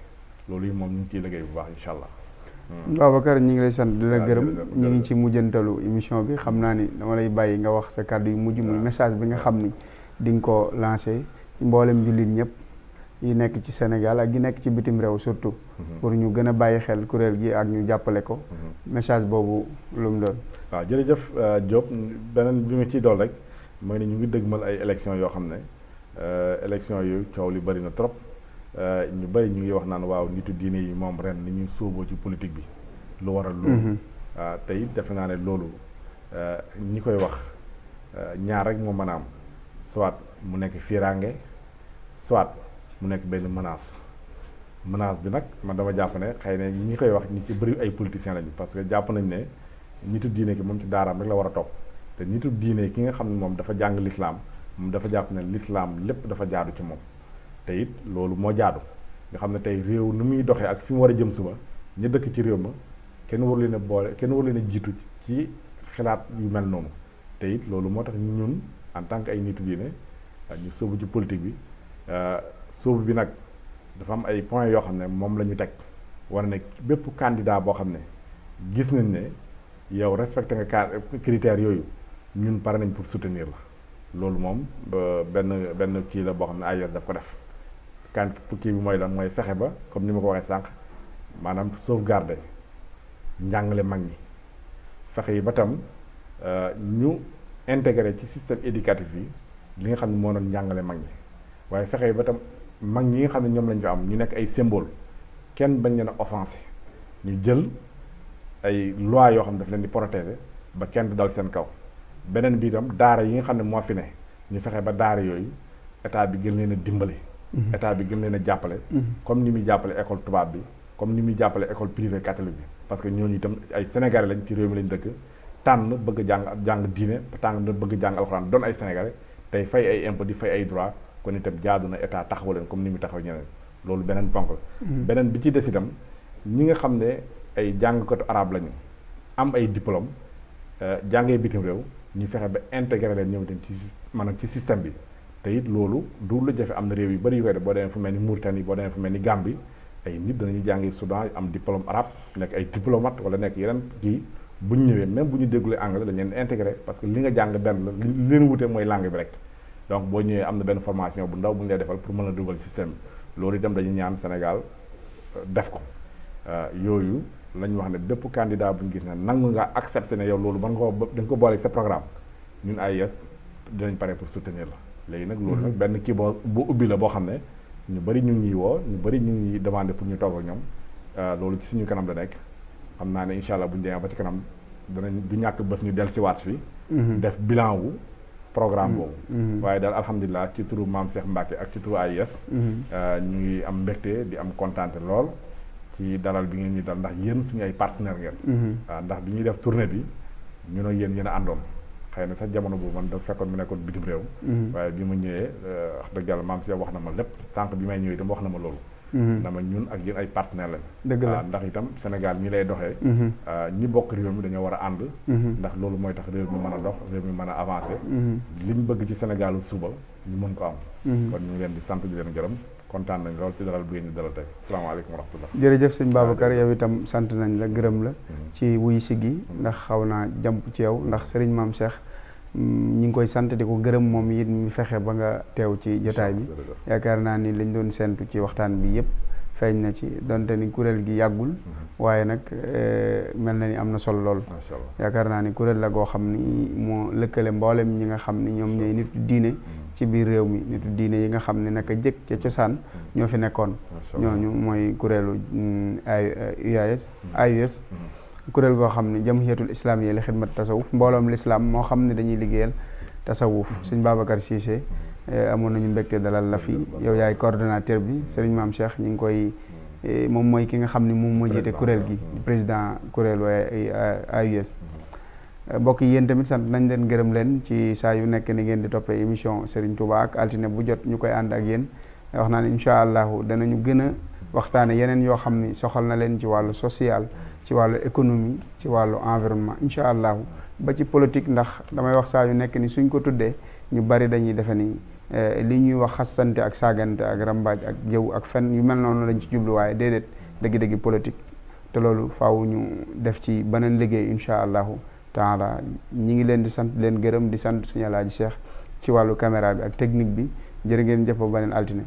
loolu yi moom ñu ngi ciy liggéey bu baax incha allah. Hmm. Babacar ñu ngi lay sant di gërëm ñu ngi ci mujjantalu émission bi xam naa ni dama lay bàyyi nga wax sa kàddu yu mujj muy message bi nga xam ni di nga ko lancé mboolem jullit ñëpp yi nekk ci Sénégal ak yi nekk ci bitim réew surtout. Hmm. pour ñu gën a bàyyi xel kuréel gi ak ñu jàppale ko. Hmm. message boobu lu mu doon. waaw jërëjëf euh, Diop beneen bi ma ciy dool rek mooy ne ñu ngi dëgmal ay élections yoo xam ne. Euh, élection yu coow li bari na trop euh, ñu bëri ñu ngi wax naan waaw nitu diine yi moom ren ni ñu sóoboo ci politique bi lu waral loolu mhm. ah, te tey defe naa ne loolu euh, ñi koy wax ñaar rek moo mën a am soit mu nekk fiiraange soit mu nekk benn menace menace bi nag man dama jàpp ne xëy na ñi koy wax ñi ci bëri ay politiciens lañu parce que jàpp nañ ne nitu diine ki moom ci daaraam rek la war a topp te nitu diine ki nga xam ne moom dafa jàng lislaam dafa jàpp ne lislaam lépp dafa jaadu ci moom te it loolu moo jaadu nga xam ne tey réew nu muy doxee ak fi mu war a jëm suba ñu dëkk ci réew ma kenn waru leen a boole kenn waru leen a jiitu ci xalaat yu mel noonu te loolu moo tax ñun en tant que ay nitu diine ah, ñu sóobu ci politique bi ah, sóobu bi nag dafa am ay points yoo xam ne moom la ñu teg war ne bépp candidat boo xam ne gis nañ ne yow respecté nga critères yooyu ñun pare nañ pour soutenir la loolu moom benn benn kii la boo xam ne ay yoon daf ko def kant kii bi mooy lan mooy fexe ba comme ni ma ko waxee sànq maanaam sauvegarder njàngale mag ñi fexe yi ba tam euh, ñu integre ci système éducatif bi li nga xam ne moo doon njàngale mag ñi waaye fexe yi ba tam mag ñi nga xam ne ñoom lañu fa am ñu nekk ay symbole kenn bañ leen a offensé ñu jël ay loi yoo xam ne daf leen di protéger ba kenn du dal seen kaw beneen bi itam daara yi nga xam ne moo fi ñu fexe ba daara yooyu état bi gën leen a dimbali. Mhm. état bi gën leen a jàppale. Mhm. comme ni muy jàppale école tubaab bi comme ni muy jàppale école privée catholique bi parce que ñooñu itam ay sénégalais lañ ci réew mi lañ dëkk tànn bëgg jàng jàng diine tànn bëgg jàng alxuraan doon ay sénégalais tey fay ay impôt di fay ay droit kon itam jaadu na état taxawu leen comme ni mu taxaw ñeneen loolu beneen ponk la. Mhm. beneen bi ci des itam ñi nga xam ne ay jàngkatu arab lañu am ay diplôme euh, jàngee bitim réew. ñu fexe ba intégré leen ñoom itam ci maanaam ci système bi te it loolu du lu jafe am na réew yu bari yu koy boo demee fu mel ni Mauritanie boo demee fu mel ni Gambie ay nit danañu jàngi Soudan am diplôme arabe nekk ay diplomate wala nekk yeneen kii bu ñu ñëwee même bu ñu déggulee anglais dañ leen intégré parce que li nga jàng benn la li leen wutee mooy langue bi rek donc boo ñëwee am na benn formation bu ndaw bu ñu lay defal pour mën a dugal système bi loolu itam dañu ñaan Sénégal euh, ko euh, yooyu lañu wax ne bépp candidat buñ ñu gis ne nangu nga accepté ne yow loolu mën nga ko da nga ko boole sa programme ñun AIS dinañ pare pour soutenir la. léegi nag loolu nag mhm. benn kii boo bu ubbi la boo xam ne ñu bari ñu ngi ñuy woo ñu bëri ñu ngi ñuy pour ñu toog ak ñoom euh, loolu ci suñu kanam la nekk xam naa ne incha allah bu ñu ba ci kanam danañ du ñàkk bés ñu del siwaat waat fi mhm. def bilan wu programme mhm. boobu waaye daal alhamdulilah ci turu maam Cheikh Mbacke ak ci turu AIS euh, ñu ngi am mbégte di am kontaan lool ci dalal bi ngeen ñuy dal ndax yéen suñu ay partenaire ngeen mhm. waaw ndax bi ñu def tournée bi ñun ak yéen yéen a àndoon xëy na sax jamono boobu man da fekkoon mu nekkoon bitim réew mhm. waaye bi ma ñëwee euh, wax dëgg yàlla maam si wax na ma lépp tànk bi na ma loolu dama mhm. ñun ak yéen ay partenaire lañ dëgg la ndax itam Sénégal ñi lay doxee ah, ñi bokk réew mi dañoo war a ànd ndax loolu mooy tax réew mi mën a dox réew mi mën a avancé liñ bëgg ci Sénégal suba ñu mën ko am kon ñu leen di sant di leen gërëm kontaan nañ lool ci dalal bu ngeen ñu dalal tey salaamaaleykum wa rahmatullah jërëjëf sëñ Babacar yow itam sant nañ la gërëm la mm-hmm. ci wuy si gi mm-hmm. ndax xaw naa jàmp ci yow ndax sëriñ maam Cheikh mm, ñi ngi koy sant di ko gërëm moom it mu fexe ba nga teew ci jotaay bi yaakaar naa ni lañ doon sentu ci waxtaan bi yëpp feeñ na ci donte ni kuréel gi yàggul mm-hmm. waaye nag eh, mel na ni am na solo lool yaakaar naa ni kuréel la goo xam ni moo lëkkale mbooleem ñi nga xam ni ñoom ñooy nitu diine mm-hmm. ci biir réew mi nitu diine yi nga xam ne naka jëkk ca cosaan mm-hmm. ñoo fi nekkoon ñooñu mooy kuréelu mm, eh, UAS AUS kuréel goo xam ne jamhiyatul islam yi li xidmat tasawuf mbooloom lislaam moo xam ne dañuy liggéeyal tasawuf suñ Babacar Cissé Eh, amoon nañu mbégte dalal la fi yow yaay coordonnateur bi Serigne Maam Cheikh ñu ngi koy eh, moom mooy ki nga xam ne moom moo jiite kuréel gi président kuréel waaye eh, AUS mbokk yi yéen tamit sant nañ leen gërëm leen ci saa yu nekk ni ngeen di toppee émission Serigne Touba ak altine bu jot ñu koy ànd ak yéen wax naa ne incha allahu danañu gën a waxtaane yeneen yoo xam ni soxal na leen ci wàllu social ci wàllu économie ci wàllu environnement incha allahu ba ci politique ndax damay wax saa yu nekk ni suñ ko tuddee ñu bari dañuy defe ni Eh, li ñuy wax xasante ak saagante ak rambaaj ak jëw ak fen yu mel noonu lañ ci jublu waaye déedéet dëgg-dëgg politique te loolu faw ñu def ci beneen liggéey incha allahu taala ñi ngi leen di sant leen gërëm di sant suñu alaaji Cheikh ci wàllu caméra bi ak technique bi jërë ngeen jëf ba beneen altine